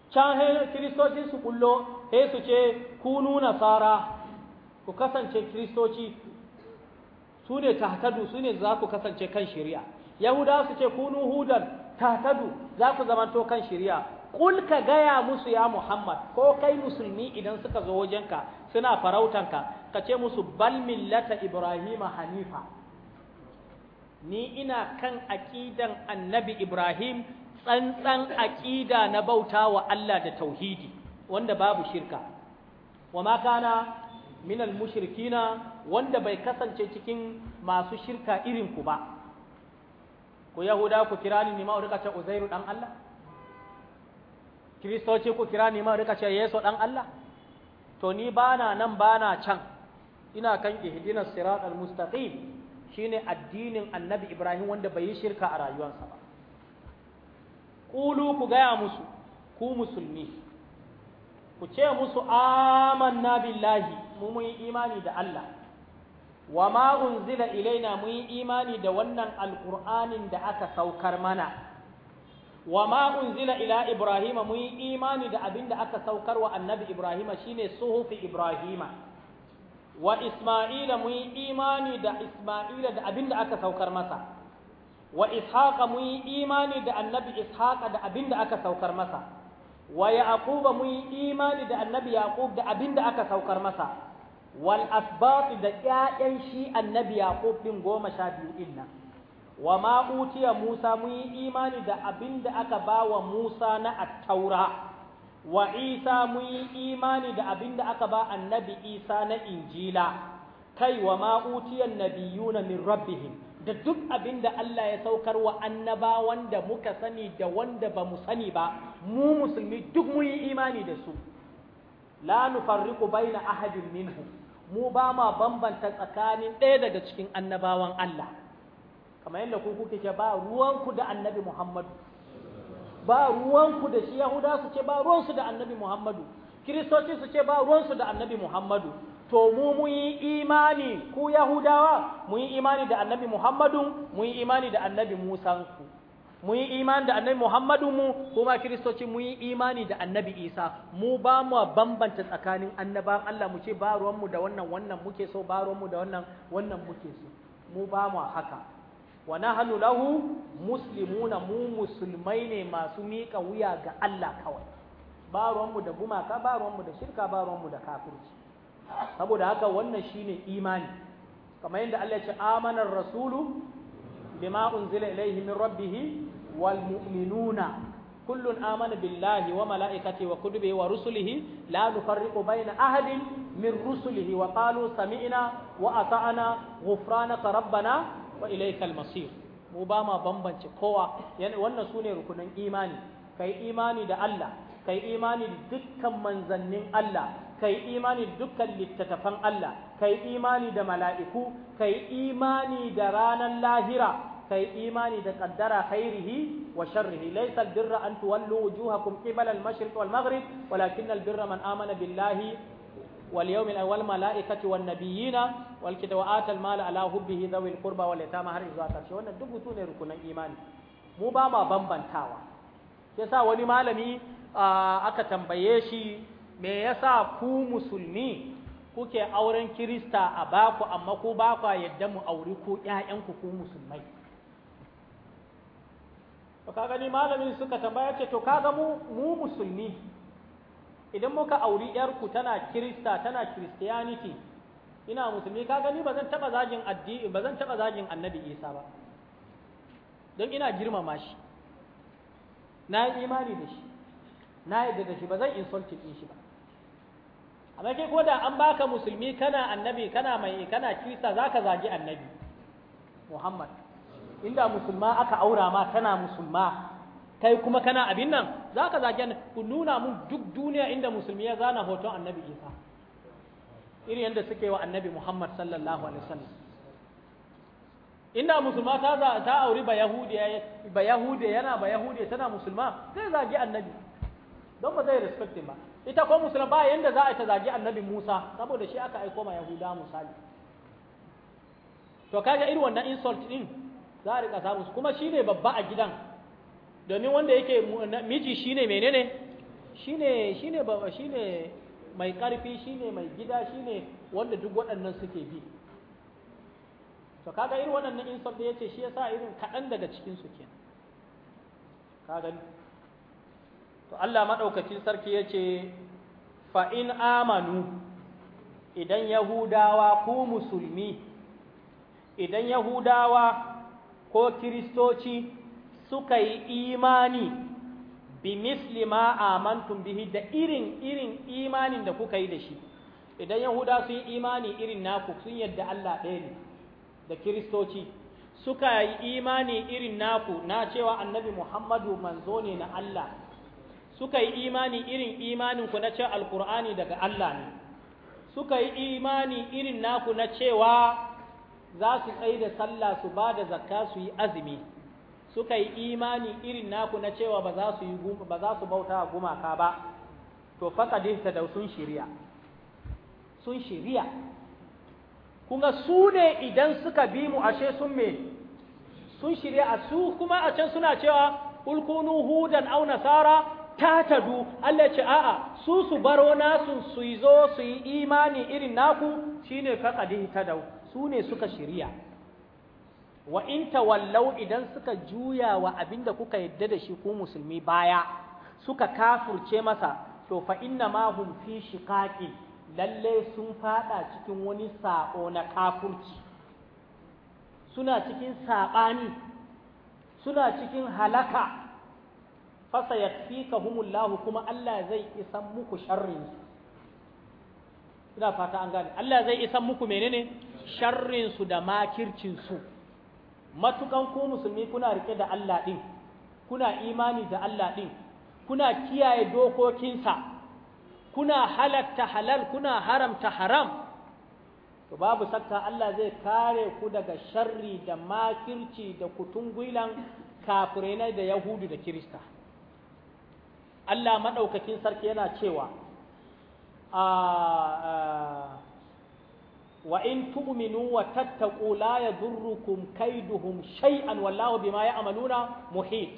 can he kiristoci su kullo sai su ce kunu nasara ku kasance kiristoci su ne tahtadu su ne za ku kasance kan shirya yahudawa su ce kunu hudan tahtadu za ku zamanto kan shirya kul ka gaya musu ya muhammad ko kai musulmi idan suka zo wajenka suna farautanka ka ce musu bal millata ibrahima hanifa ni ina kan aqidan annabi ibrahim tsantsan aqida na bauta wa Allah da tauhidi wanda babu shirka wa ma kana minal mushrikina wanda bai kasance cikin masu shirka irin ku ba ku yahuda ku kira ni ma rika ce uzairu dan Allah kristoci ku kira ni ma rika ce yesu dan Allah to ni bana nan bana can ina kan ihdinas siratal mustaqim shine addinin annabi Ibrahim wanda bai yi shirka a rayuwarsa ba Kulu ku gaya musu ku musulmi ku ce musu amanna billahi mu mun yi imani da Allah wa ma unzila ilaina mun yi imani da wannan alqur'anin da aka saukar mana wa ma unzila ila ibrahima mun yi imani da abinda aka saukar wa annabi ibrahima shine suhufi ibrahima wa isma'ila mun yi imani da isma'ila da abinda aka saukar masa wa ishaqa mun yi imani da annabi ishaqa da abinda aka saukar masa wa yaquba mun yi imani da annabi yaqub da abinda aka saukar masa wal asbatu da ƴaƴan shi annabi yaqub din goma sha biyu din nan wa ma utiya musa mu yi imani da abin da aka ba wa musa na attaura wa isa mu yi imani da abin da aka ba annabi isa na injila kai wa ma utiyan nabiyuna min rabbihim da duk abin da Allah ya saukar wa annaba wanda muka sani da wanda ba mu sani ba mu musulmi duk mun yi imani da su la nufarriqu baina ahadin minhum mu ba ma bambanta tsakanin ɗaya daga cikin annabawan Allah kamar yadda ku kuke ce ba ruwanku da annabi Muhammadu ba ruwanku da shi Yahuda su ce ba ruwansu da annabi Muhammadu Kiristoci su ce ba ruwansu da annabi Muhammadu to mu mun yi imani ku Yahudawa mun yi imani da annabi Muhammadu mun yi imani da annabi ku. mu yi imani da annabi Muhammadu mu kuma kiristoci mu yi imani da annabi Isa mu ba mu bambanta tsakanin annaban. Allah mu ce ba ruwan mu da wannan wannan muke so ba ruwan mu da wannan wannan muke so mu ba mu haka wa nahnu lahu muslimuna mu musulmai ne masu mika wuya ga Allah kawai ba ruwan mu da gumaka ba ruwan mu da shirka ba ruwan mu da kafirci saboda haka wannan shine imani kamar yadda Allah ya ce amanar rasulu bima unzila ilayhi min rabbihi wal kullum kullun amana billahi wa Malaikati wa kutubihi wa rusulihi la nufarriqu baina ahadin min rusulihi wa qalu sami'na wa ata'na ghufranaka rabbana wa ilaykal masir mu ba ma bambance kowa wannan sune rukunin imani kai imani da Allah kai imani da dukkan manzannin Allah kai imani da dukkan littattafan Allah kai imani da mala'iku kai imani da ranar lahira kai imani da kaddara khairihi wa sharrihi laysa albirra an tuwallu wujuhakum qibala al wal maghrib walakin albirra man amana billahi wal yawmil awwal malaikati wan nabiyina wal kitabi wa atal mala ala hubbihi dhawil qurba wal yatama har zuwa karshe wannan duk ne rukunan imani mu ba ma bambantawa yasa wani malami aka tambaye shi me yasa ku musulmi kuke auren kirista a baku amma ku ba ku yadda mu auri ku ƴaƴanku ku musulmai to ka gani malamin suka tambaya ce to kaga mu mu musulmi idan muka auri yarku tana krista tana christianity ina musulmi ka gani ba zan taba zagin addini bazan taba zagin annabi isa ba don ina girmama shi na yi imani da shi na yi da shi ba zan din shi ba amma ke ko da an baka musulmi kana annabi kana mai kana kirista zaka zagi annabi muhammad inda musulma aka aura ma tana musulma kai kuma kana abin nan za ka zage ku nuna mun duk duniya inda musulmi ya zana hoton annabi isa Irin yadda suke wa annabi muhammad sallallahu alaihi wasallam inda musulma ta ta auri ba yahudiya ba yahudiya yana ba yahudiya tana musulma zai zage annabi don ba zai respect ba ita ko musulma ba yanda za a ta zage annabi musa saboda shi aka aiko ma yahuda misali to kaga irin wannan insult din za a rika samun kuma shi ne babba a gidan domin wanda yake miji ne, menene Shi ne babba ne mai karfi ne mai gida shi ne wanda duk waɗannan suke bi to kaga irin waɗannan insult da yace shi yasa irin kaɗan daga cikin su kenan kaga to Allah maɗaukacin sarki yace fa'in fa’in amanu idan yahudawa ku musulmi idan yahudawa ko kiristoci suka yi imani bi misli ma amantum bihi da irin irin imanin da kuka yi da shi idan yahuda sun yi imani irin naku sun yadda Allah ɗaya ne da kiristoci suka yi imani irin naku na cewa annabi Muhammadu manzo ne na Allah suka yi imani irin imanin ku na cewa alkur'ani daga Allah ne suka yi imani irin naku na cewa za su tsaye da sallah su ba da zakka su yi azumi suka yi imani irin naku na cewa ba za su yi ba za su bauta gumaka ba to faqadin ta da sun shirya sun shirya kuma su ne idan suka bi mu ashe sun me sun shirya a su kuma a can suna cewa ulkunu hudan aw nasara ta tadu Allah ce a'a su su baro nasu su yi zo su yi imani irin naku shine faqadin ta dau su ne suka shirya wa in tawallau idan suka juya wa abinda kuka yadda da shi ku musulmi baya suka kafurce masa to fa inna ma hum fi shiqaqi lalle sun fada cikin wani sako na kafurci suna cikin sabani suna cikin halaka fasa yakfikahumullahu kuma Allah zai isan muku sharrin suna fata an gane Allah zai isan muku menene sharrinsu da makircinsu matukan ku musulmi kuna rike da Allah ɗin kuna imani da Allah ɗin kuna kiyaye dokokinsa kuna halatta halal kuna haramta haram to babu sakka Allah zai kare ku daga sharri da makirci da kutungwilan kafirai da yahudu da kirista Allah maɗaukakin sarki yana cewa a ah, ah, wa in tu'minu wa tattaqu la yadurrukum kaiduhum shay'an wallahu bima ya'maluna muhit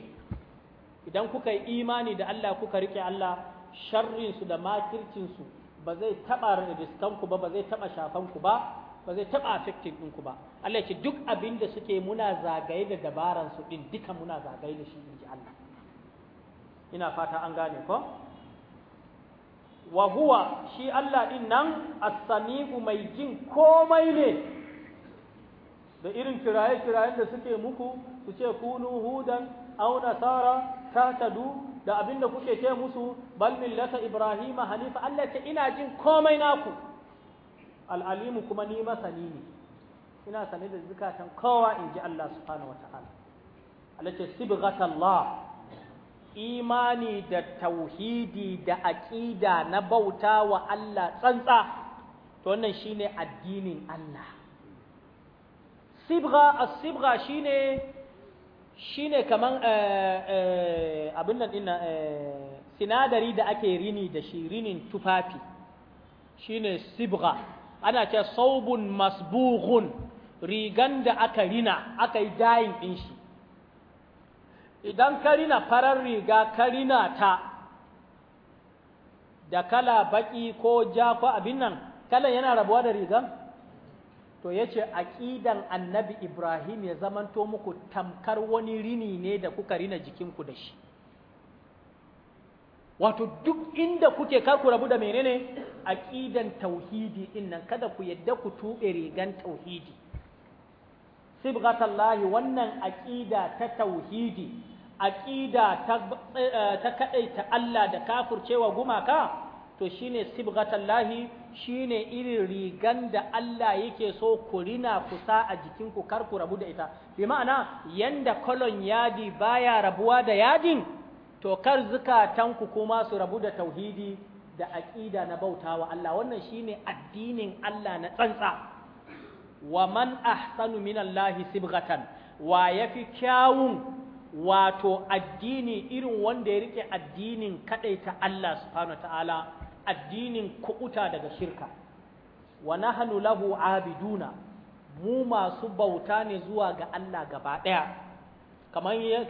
idan kuka yi imani da Allah kuka rike Allah sharrin su da makircin su ba zai taba riskan ku ba ba zai taba shafan ku ba ba zai taba affecting din ku ba Allah ce duk abin da suke muna zagaye da dabaran su din duka muna zagaye da shi inji Allah ina fata an gane ko wa huwa shi Allah ɗin nan as mai jin komai ne da irin kiraye-kirayen da suke muku su ce kunu hudan sara nasara tatadu da abinda kuke ce musu Balmin millata ibrahima hanifa Allah ce ina jin komai naku Al'alimu kuma ni masani ne ina sane da zukatan kowa inji Allah wata wataala Allah ce sibghatallah imani da tauhidi da aƙida na bauta wa Allah tsantsa to wannan shine addinin Allah sibgha as-sibgha shine shine kaman eh, eh, abin nan eh, sinadari da ake rini da shi rinin tufafi shine sibgha ana ce saubun masbughun rigan da aka rina aka yi dayin din shi idan karina farar riga karina ta da kala baki ko ja ko abin nan kalan yana rabuwa da rigan to yace aqidan annabi Ibrahim ya zamanto muku tamkar wani rini ne da kuka rina jikinku da shi wato duk inda kuke kar ku rabu da menene aqidan tauhidi din nan kada ku yadda ku tube rigan tauhidi sibghatallahi wannan aqida ta tauhidi aƙida ta eh, kaɗaita Allah da kafurcewa gumaka to shine Shi shine irin rigan da Allah yake so ku rina kusa a jikinku kar ku rabu da ita bi ma'ana yanda kolon yadi baya rabuwa da yadin to kar zukatanku kuma su rabu da tauhidi da aƙida na bautawa Allah wannan shine addinin Allah na tsantsa wa man ahsanu minallahi sibgatan. wa yafi kyawun wato addini irin wanda ya rike addinin ta Allah subhanahu ta'ala addinin kuɓuta daga shirka wa nahnu lahu abiduna mu masu bauta ne zuwa ga Allah gaba ɗaya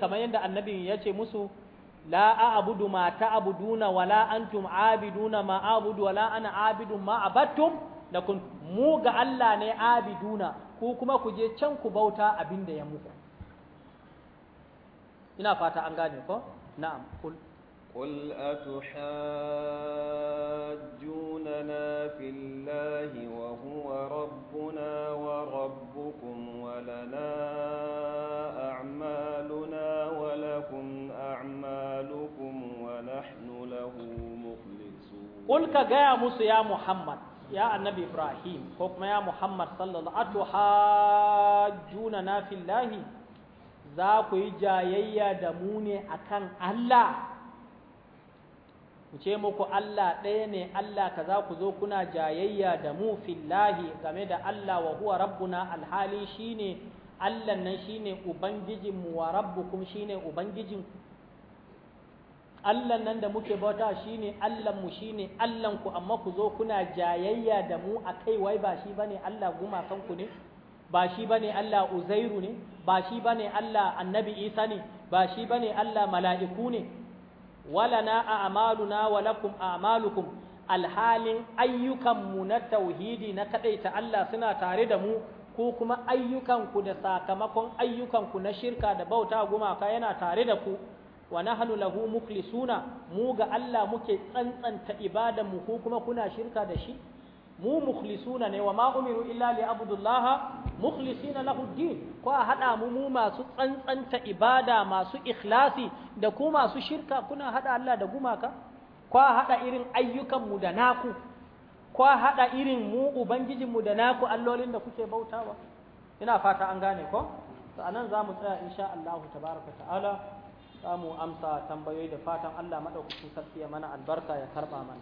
kamar yadda Annabi ya ce musu la a'budu ma ta'buduna wala antum abiduna ma a'budu wala ana abidun ma abattum lakum mu ga Allah ne abiduna ku kuma ku je can ku bauta abinda ya muku ina fata an gane ko na'am kul قل أتحاجوننا في الله وهو ربنا وربكم ولنا أعمالنا ولكم أعمالكم ونحن له مخلصون قل يا موسى يا محمد يا النبي إبراهيم حكم يا محمد صلى الله عليه وسلم أتحاجوننا في الله za ku yi jayayya da mu ne akan Allah ku ce muku Allah ɗaya ne Allah ka za ku zo kuna jayayya da mu fillahi game da Allah wa huwa rabbuna alhali ne, Allah nan ne ubangijinmu wa rabbukum ne ubangijinku Allah nan da muke bauta ne Allahnmu ne Allahnku amma ku zo kuna jayayya da mu a kai wai ba shi ba ne Allah gumakanku ne ba shi ne Allah Uzairu ne ba shi ne Allah Annabi Isa ne ba shi ne Allah mala'iku ne walana a'maluna walakum lakum a'malukum alhalin ayyukanmu na tauhidi na kaɗaita Allah suna tare da mu ko kuma ayyukanku da sakamakon ayyukanku na shirka da bauta gumaka yana tare da ku wa nahnu lahu mukhlisuna mu ga Allah muke tsantsanta ibadanmu ko kuma kuna shirka da shi mu mukhlisuna ne wa ma umiru illa li abdullah mukhlisina lahu din ko a hada mu mu masu tsantsanta ibada masu ikhlasi da ku masu shirka kuna hada Allah da gumaka ko a hada irin ayyukan mu da naku ko a hada irin mu ubangijin mu da naku allolin da kuke bautawa ina fata an gane ko to anan zamu tsaya insha Allah tabaaraka ta'ala zamu amsa tambayoyi da fatan Allah madaukakin sarki ya mana albarka ya karba mana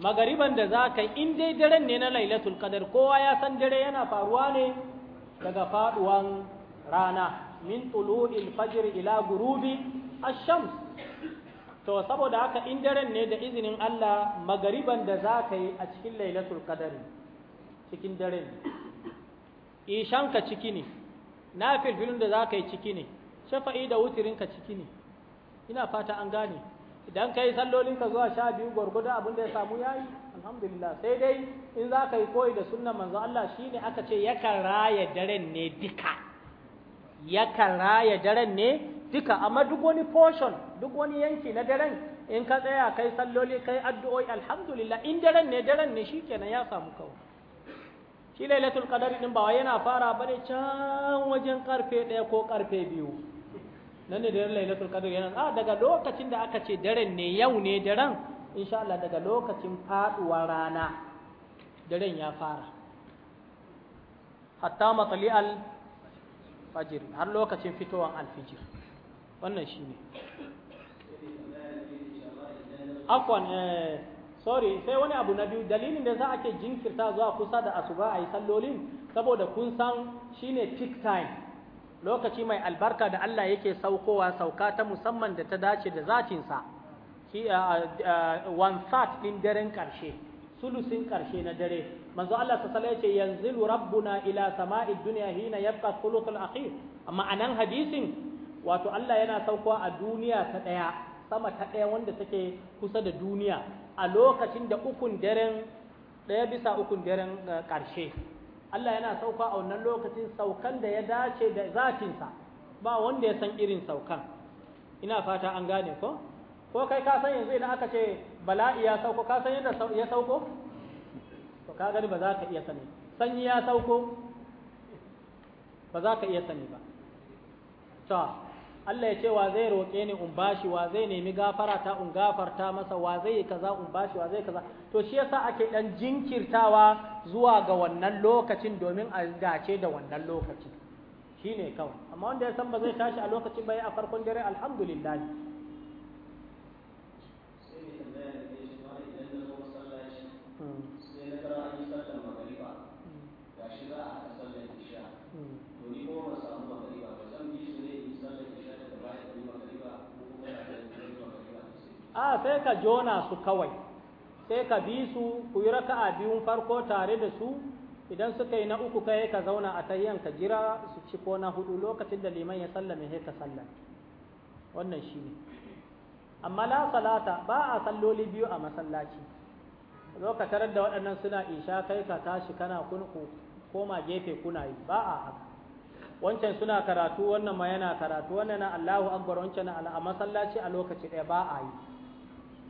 magariban da za ka in dai daren ne na lailatul qadar kowa ya san dare yana faruwa ne daga faduwan rana min tulu'il fajr ila gurubi ash-shams to saboda haka in daren ne da izinin Allah magariban da za ka yi a cikin lailatul qadar cikin daren ka ciki ne na filin da za ka yi ciki ne shafa'i da ka ciki ne ina fata an gane idan ka yi sallolinka zuwa sha biyu gwargwado abin da ya samu ya yi alhamdulillah sai dai in za ka yi koyi da sunnan manzo Allah shi ne aka ce yakan raya daren ne duka yakan raya daren ne duka amma duk wani portion duk wani yanki na daren in ka tsaya kai salloli kai addu'o'i alhamdulillah in daren ne daren ne shikenan ya samu kawai shi lailatul qadari din ba yana fara bane can wajen karfe ɗaya ko karfe biyu nan ne daren lailatul qadr yana a ah, daga lokacin da aka ce daren ne yau ne daren insha Allah daga lokacin faduwar rana daren ya fara hatta matali al fajr har lokacin fitowar fajr wannan shine afwan eh sorry sai wani abu na biyu dalilin da za a ke jinkirta zuwa kusa da asuba a yi sallolin saboda kun san shine peak time lokaci mai albarka da Allah yake saukowa sauka ta musamman da ta dace da zatinsa one third ɗin daren ƙarshe sulusin ƙarshe na dare manzo Allah ta sala yace yanzilu rabbuna ila sama'id dunya hina yabqa thuluthul akhir amma anan hadisin wato Allah yana saukowa a duniya ta daya sama ta ɗaya, wanda take kusa da duniya a lokacin da ukun daren daya bisa ukun daren ƙarshe Allah yana sauka a wannan lokacin saukan da ya dace da zatinsa ba wanda ya san irin saukan ina fata an gane ko ko kai ka san yanzu idan aka ce bala'i ya sauko ka san yadda ya sauko to ka gani ba za ka iya sani sanyi ya sauko ba za ka iya sani ba to Allah ya ce wa zai roƙe ni in bashi wa zai nemi gafara ta in gafarta masa wa zai kaza in bashi wa zai kaza to shi yasa ake dan jinkirtawa zuwa ga wannan lokacin domin a dace da wannan lokaci shine kawai amma wanda ya san ba zai tashi a lokacin ba ya a farkon dare alhamdulillah a sai ka jona su kawai sai ka bi su ku yi raka'a biyun farko tare da su idan suka yi na uku kai ka zauna a tahiyan ka jira su ci ko na hudu lokacin da liman ya sallame sai ka sallame wannan shine amma la salata ba a salloli biyu a masallaci zo da waɗannan suna isha kai ka tashi kana kunku koma gefe kuna yi ba a haka wancan suna karatu wannan ma yana karatu wannan na Allahu akbar wancan na masallaci a lokaci ɗaya ba a yi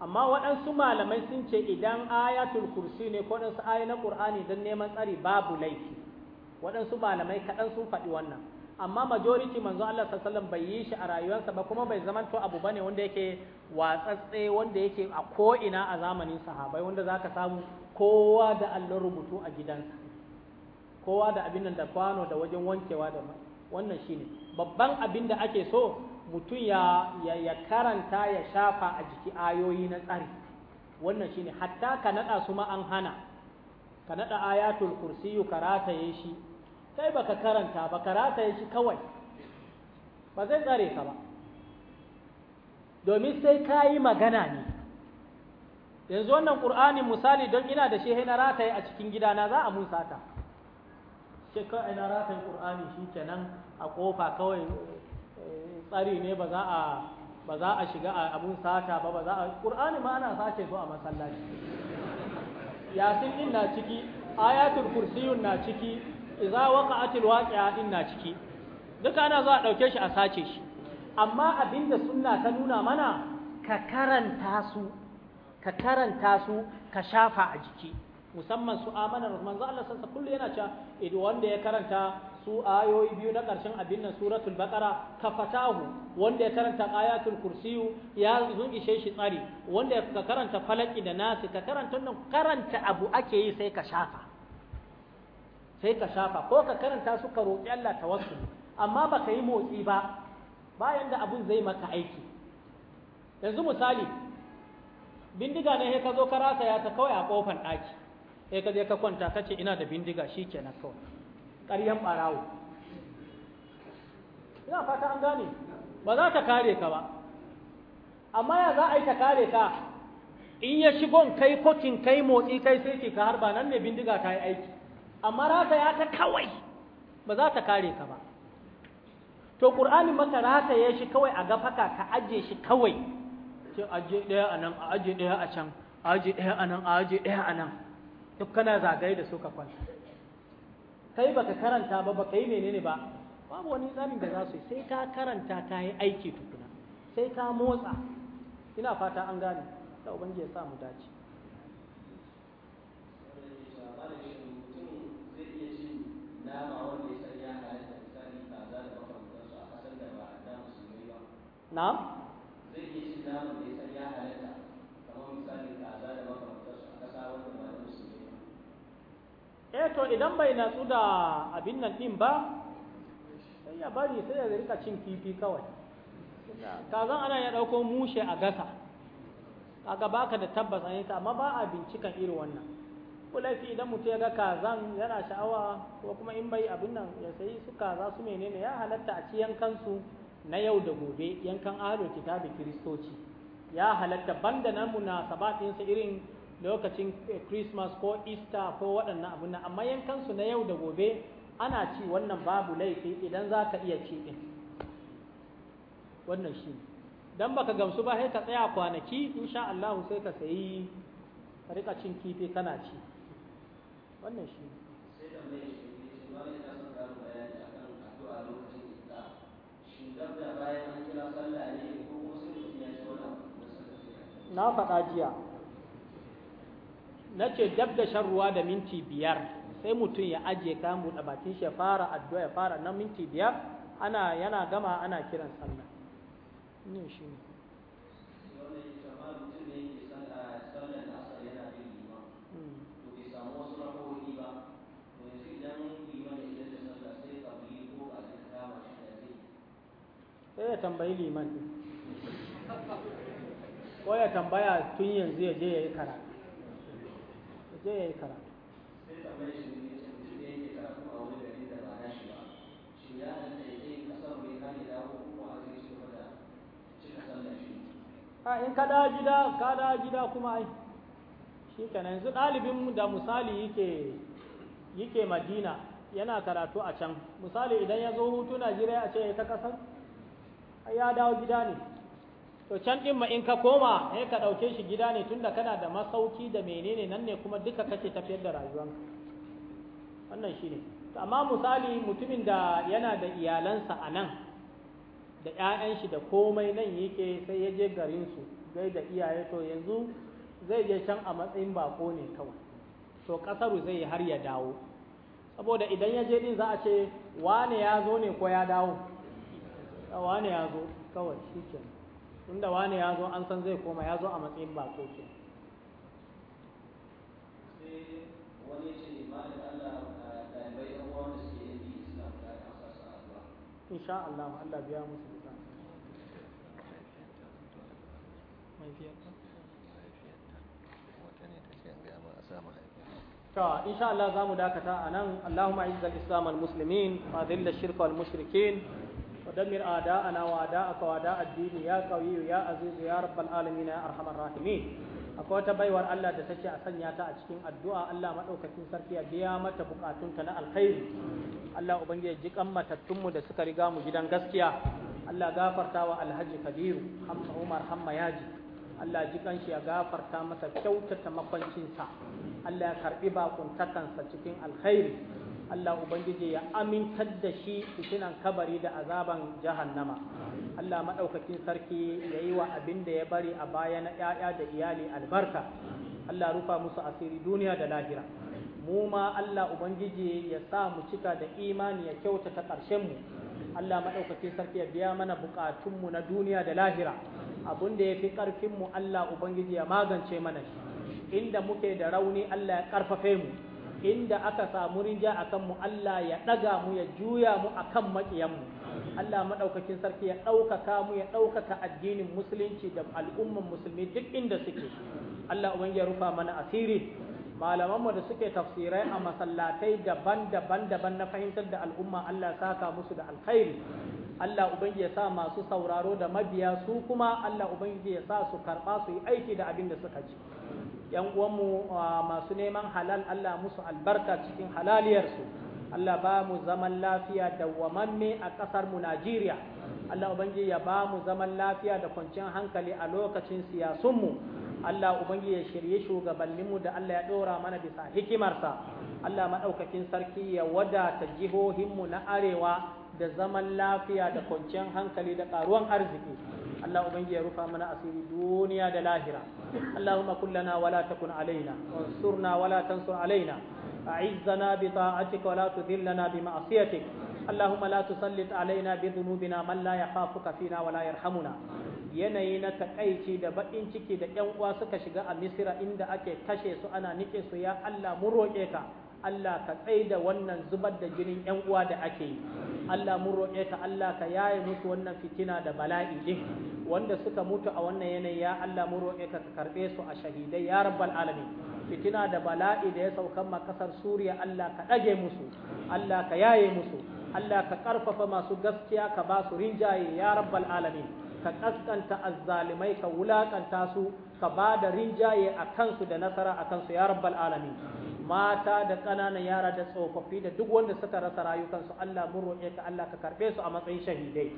amma waɗansu malamai sun ce idan ayatul kursi ne ko ɗansu ayi na ƙur'ani don neman tsari babu laifi waɗansu malamai kaɗan sun faɗi wannan amma majority manzo Allah sallallahu bai yi shi a rayuwarsa ba kuma bai zamanto abu bane wanda yake watsatse wanda yake a ko ina a zamanin sahabai wanda zaka samu kowa da Allah rubutu a gidansa kowa da abin da kwano da wajen wankewa da wannan shine babban abin da ake so mutum ya, ya, karanta ya shafa a jiki ayoyi na tsari wannan shine hatta ka naɗa su ma an hana ka naɗa ayatul kursi ka rataye shi kai baka karanta baka rataye shi kawai ba zai tsare ka ba domin sai ka yi magana ne yanzu wannan qur'ani misali don ina da shi na rataye a cikin gidana za a mun sata sai na rataye qur'ani shi kenan a ƙofa kawai tsari ne ba za a shiga a abun sata ba ba za a ƙur'ani ma ana sace su a masallaci Yasin din na ciki ayatul kursiyun na ciki idza waqa'atil waqi'a din na ciki duk ana zuwa ɗauke shi a sace shi amma abinda sunna ta nuna mana ka karanta su ka karanta su ka shafa a jiki musamman su amana manzo Allah sansa kullu yana cewa idan wanda ya karanta su ayoyi biyu na ƙarshen abin nan suratul baqara ka fatahu wanda ya karanta ayatul kursiyu ya zun shi tsari wanda ka karanta falaki da nasi ka karanta nan karanta abu ake yi sai ka shafa sai ka shafa ko ka karanta su ka roƙi Allah tawassul amma baka yi motsi ba bayan da abun zai maka aiki yanzu misali bindiga ne sai ka zo ka rasa ya ta kawai a kofar ɗaki sai ka je ka kwanta kace ina da bindiga shikenan kawai ƙaryan ɓarawo ina fata an gane ba za ta kare ka ba amma ya za a yi ta kare ka in ya shigon kai kokin kai motsi kai sai ke ka harba nan ne bindiga ta yi aiki amma ya ta kawai ba za ta kare ka ba to ƙur'anin maka ya shi kawai a gafaka ka aje shi kawai ce aje ɗaya a nan a aje ɗaya a can a aje ɗaya a nan a aje ɗaya a nan duk kana zagaye da su ka kwanta kai baka karanta ba baka yi menene ba babu wani tsarin da za su yi sai ka karanta ka yi aiki tukuna sai ka motsa ina fata an gane da ubangiji ya sa mu dace na'am zai iya shi naman da ya san ya halatta kamar misali kaza da eh to idan bai natsu da abin nan din ba sai ya bari sai ya rika cin kifi kawai kazan ana ya ɗauko mushe a gasa kaga baka da tabbas an yi ta amma ba a bincikan irin wannan kulafi idan mutu ya ga kazan yana sha'awa ko kuma in bai abin nan ya sayi su kaza su menene ya halatta a ci yankansu na yau da gobe yankan ahlul kitabi kiristoci ya halatta banda na munasabatinsa irin lokacin eh, Christmas ko Easter ko waɗannan abu na amma yankansu na yau da gobe ana ci wannan babu laifi idan za ka iya ci ɗin wannan shi don baka gamsu ba sai ka tsaya kwanaki insha Allah sai ka sayi ka rika cin kifi kana ci wannan shi na faɗa jiya na ce dab da shan ruwa da minti biyar sai mutum ya ajiye kayan buɗe bakin shi ya fara addu'a ya fara na minti biyar ana yana gama ana kiran sallah ne shi ne sai ya tambayi liman ko ya tambaya tun yanzu ya je ya yi karatu je ya yi karatu sai da mai shi ne ce mutum da yake karatu a wani gari da ba na shi ba shi ya da ya je kasar mai kare da ko kuma a zai ci gaba da kasar sallar shi a in ka da gida ka da gida kuma ai shi kenan yanzu ɗalibin da misali yake yake madina yana karatu a can misali idan ya zo hutu najeriya a ce ya ta kasar ya dawo gida ne to can ɗin ma in ka koma sai ka ɗauke shi gida ne tunda kana da masauki da menene nan ne kuma duka kake tafiyar da rayuwarka. wannan shi ne amma misali mutumin da yana da iyalansa a nan da 'ya'yan shi da komai nan yake sai ya je garinsu gai da iyaye to yanzu zai je can a matsayin bako ne kawai to ƙasaru zai har ya dawo saboda idan ya je din za a ce wane ya zo ne ko ya dawo wane ya zo kawai shi tunda wane ya zo an san zai koma ya zo a matsayin bako ke insha Allah Allah biya musu da To, insha Allah za mu dakata a nan, Allahumma izzal Islam al-Muslimin, wa da shirka al-mushrikin, ودمر أعداءنا وأعداءك وأعداء الدين يا قوي يا عزيز يا رب العالمين يا أرحم الراحمين akwai wata baiwar Allah da tace a sanya ta a cikin addu'a Allah madaukakin sarki ya biya mata bukatunta na alkhairi Allah ubangiji ji kan matattunmu da suka riga mu gidan gaskiya Allah gafarta wa Alhaji Kabiru Hamza Umar Hamma Yaji Allah ji kanshi ya gafarta masa kyautata makwancinsa Allah ya karbi bakuntakansa cikin alkhairi Allah Ubangiji ya amintar da shi fitinan kabari da azaban jahannama Allah Maɗaukacin sarki ya yi wa abin da ya bari a baya na ‘ya'ya da iyali albarka Allah rufa musu asiri duniya da lahira mu ma Allah Ubangiji ya sa mu cika da imani ya kyautata ƙarshenmu Allah Maɗaukacin sarki ya biya mana buƙatunmu na duniya da lahira abin da ya fi ƙarfinmu Allah Ubangiji ya magance mana shi inda muke da rauni Allah ya ƙarfafe mu inda aka samu rinja a kanmu Allah ya ɗaga mu ya juya mu a kan maƙiyanmu Allah maɗaukakin sarki ya ɗaukaka mu ya ɗaukaka addinin musulunci da al'umman musulmi duk inda suke Allah uban ya rufa mana asiri malamanmu da suke tafsirai a masallatai daban-daban daban na fahimtar da al'umma Allah saka musu da alkhairi Allah uban ya sa masu sauraro da mabiya su kuma Allah uban ya sa su karɓa su yi aiki da abin da suka ci yan uwanmu masu neman halal Allah musu albarka cikin halaliyarsu Allah ba mu zaman lafiya da wamanne a ƙasar mu Najeriya Allah ubangi ya ba mu zaman lafiya da kwanciyar hankali a lokacin siyasunmu Allah ubangi ya shirye shugabanninmu da Allah ya ɗora mana bisa hikimarsa Allah maɗaukakin sarki ya wadata jihohinmu na arewa da zaman lafiya da kwanciyar hankali da karuwan arziki Allah ubangi ya rufa mana asiri duniya da lahira Allahumma kullana wala takun alaina wansurna wala tansur alaina أعزنا بطاعتك bi تذلنا بمعصيتك اللهم لا تسلط علينا بذنوبنا من لا يخافك فينا ولا يرحمنا yanayi na takaici da baƙin ciki da 'yan uwa suka shiga a misira inda ake kashe su ana nike su ya Allah mu roƙe ka Allah ka tsaye da wannan zubar da jinin ‘yan uwa da ake yi, Allah mun roƙe ka Allah ka yaye musu wannan fitina da bala'i ɗin wanda suka mutu a wannan yanayi ya Allah mun roƙe ka ka karɓe su a shahidai ya rabbal alamin fitina da bala'i da ya saukan ma ƙasar Suriya Allah ka ɗage musu, Allah ka yaye musu, Allah ka ƙarfafa masu gaskiya ka ba su rinjaye ya rabbal alamin. ka kaskanta azzalimai ka wulakanta su ka ba da rinjaye a kansu da nasara a kansu ya rabbal alamin mata da ƙananan yara da tsofaffi da duk wanda suka rasa rayukansu Allah mun roƙe ka Allah ka karɓe su a matsayin shahidai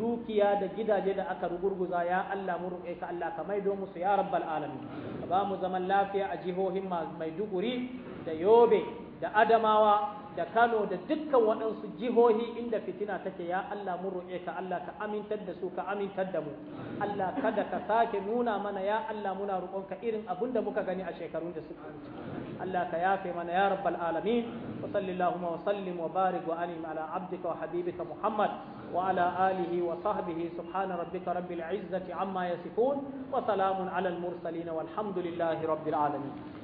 dukiya da gidaje da aka rugurguza ya Allah mun roƙe ka Allah ka maido musu ya rabbal alamin ka ba mu zaman lafiya a jihohin Maiduguri da Yobe da Adamawa da Kano da dukkan waɗansu jihohi inda fitina take ya Allah mu roƙe ka Allah ka amintar da su ka amintar da mu Allah kada ka sake nuna mana ya Allah muna roƙon ka irin abin da muka gani a shekarun da suka wuce Allah ka yafe mana ya rabbal alamin wa sallallahu wa sallim wa barik wa alim ala abdika wa habibika Muhammad wa ala alihi wa sahbihi subhana rabbika rabbil izzati amma yasifun wa salamun ala al mursalin walhamdulillahi rabbil alamin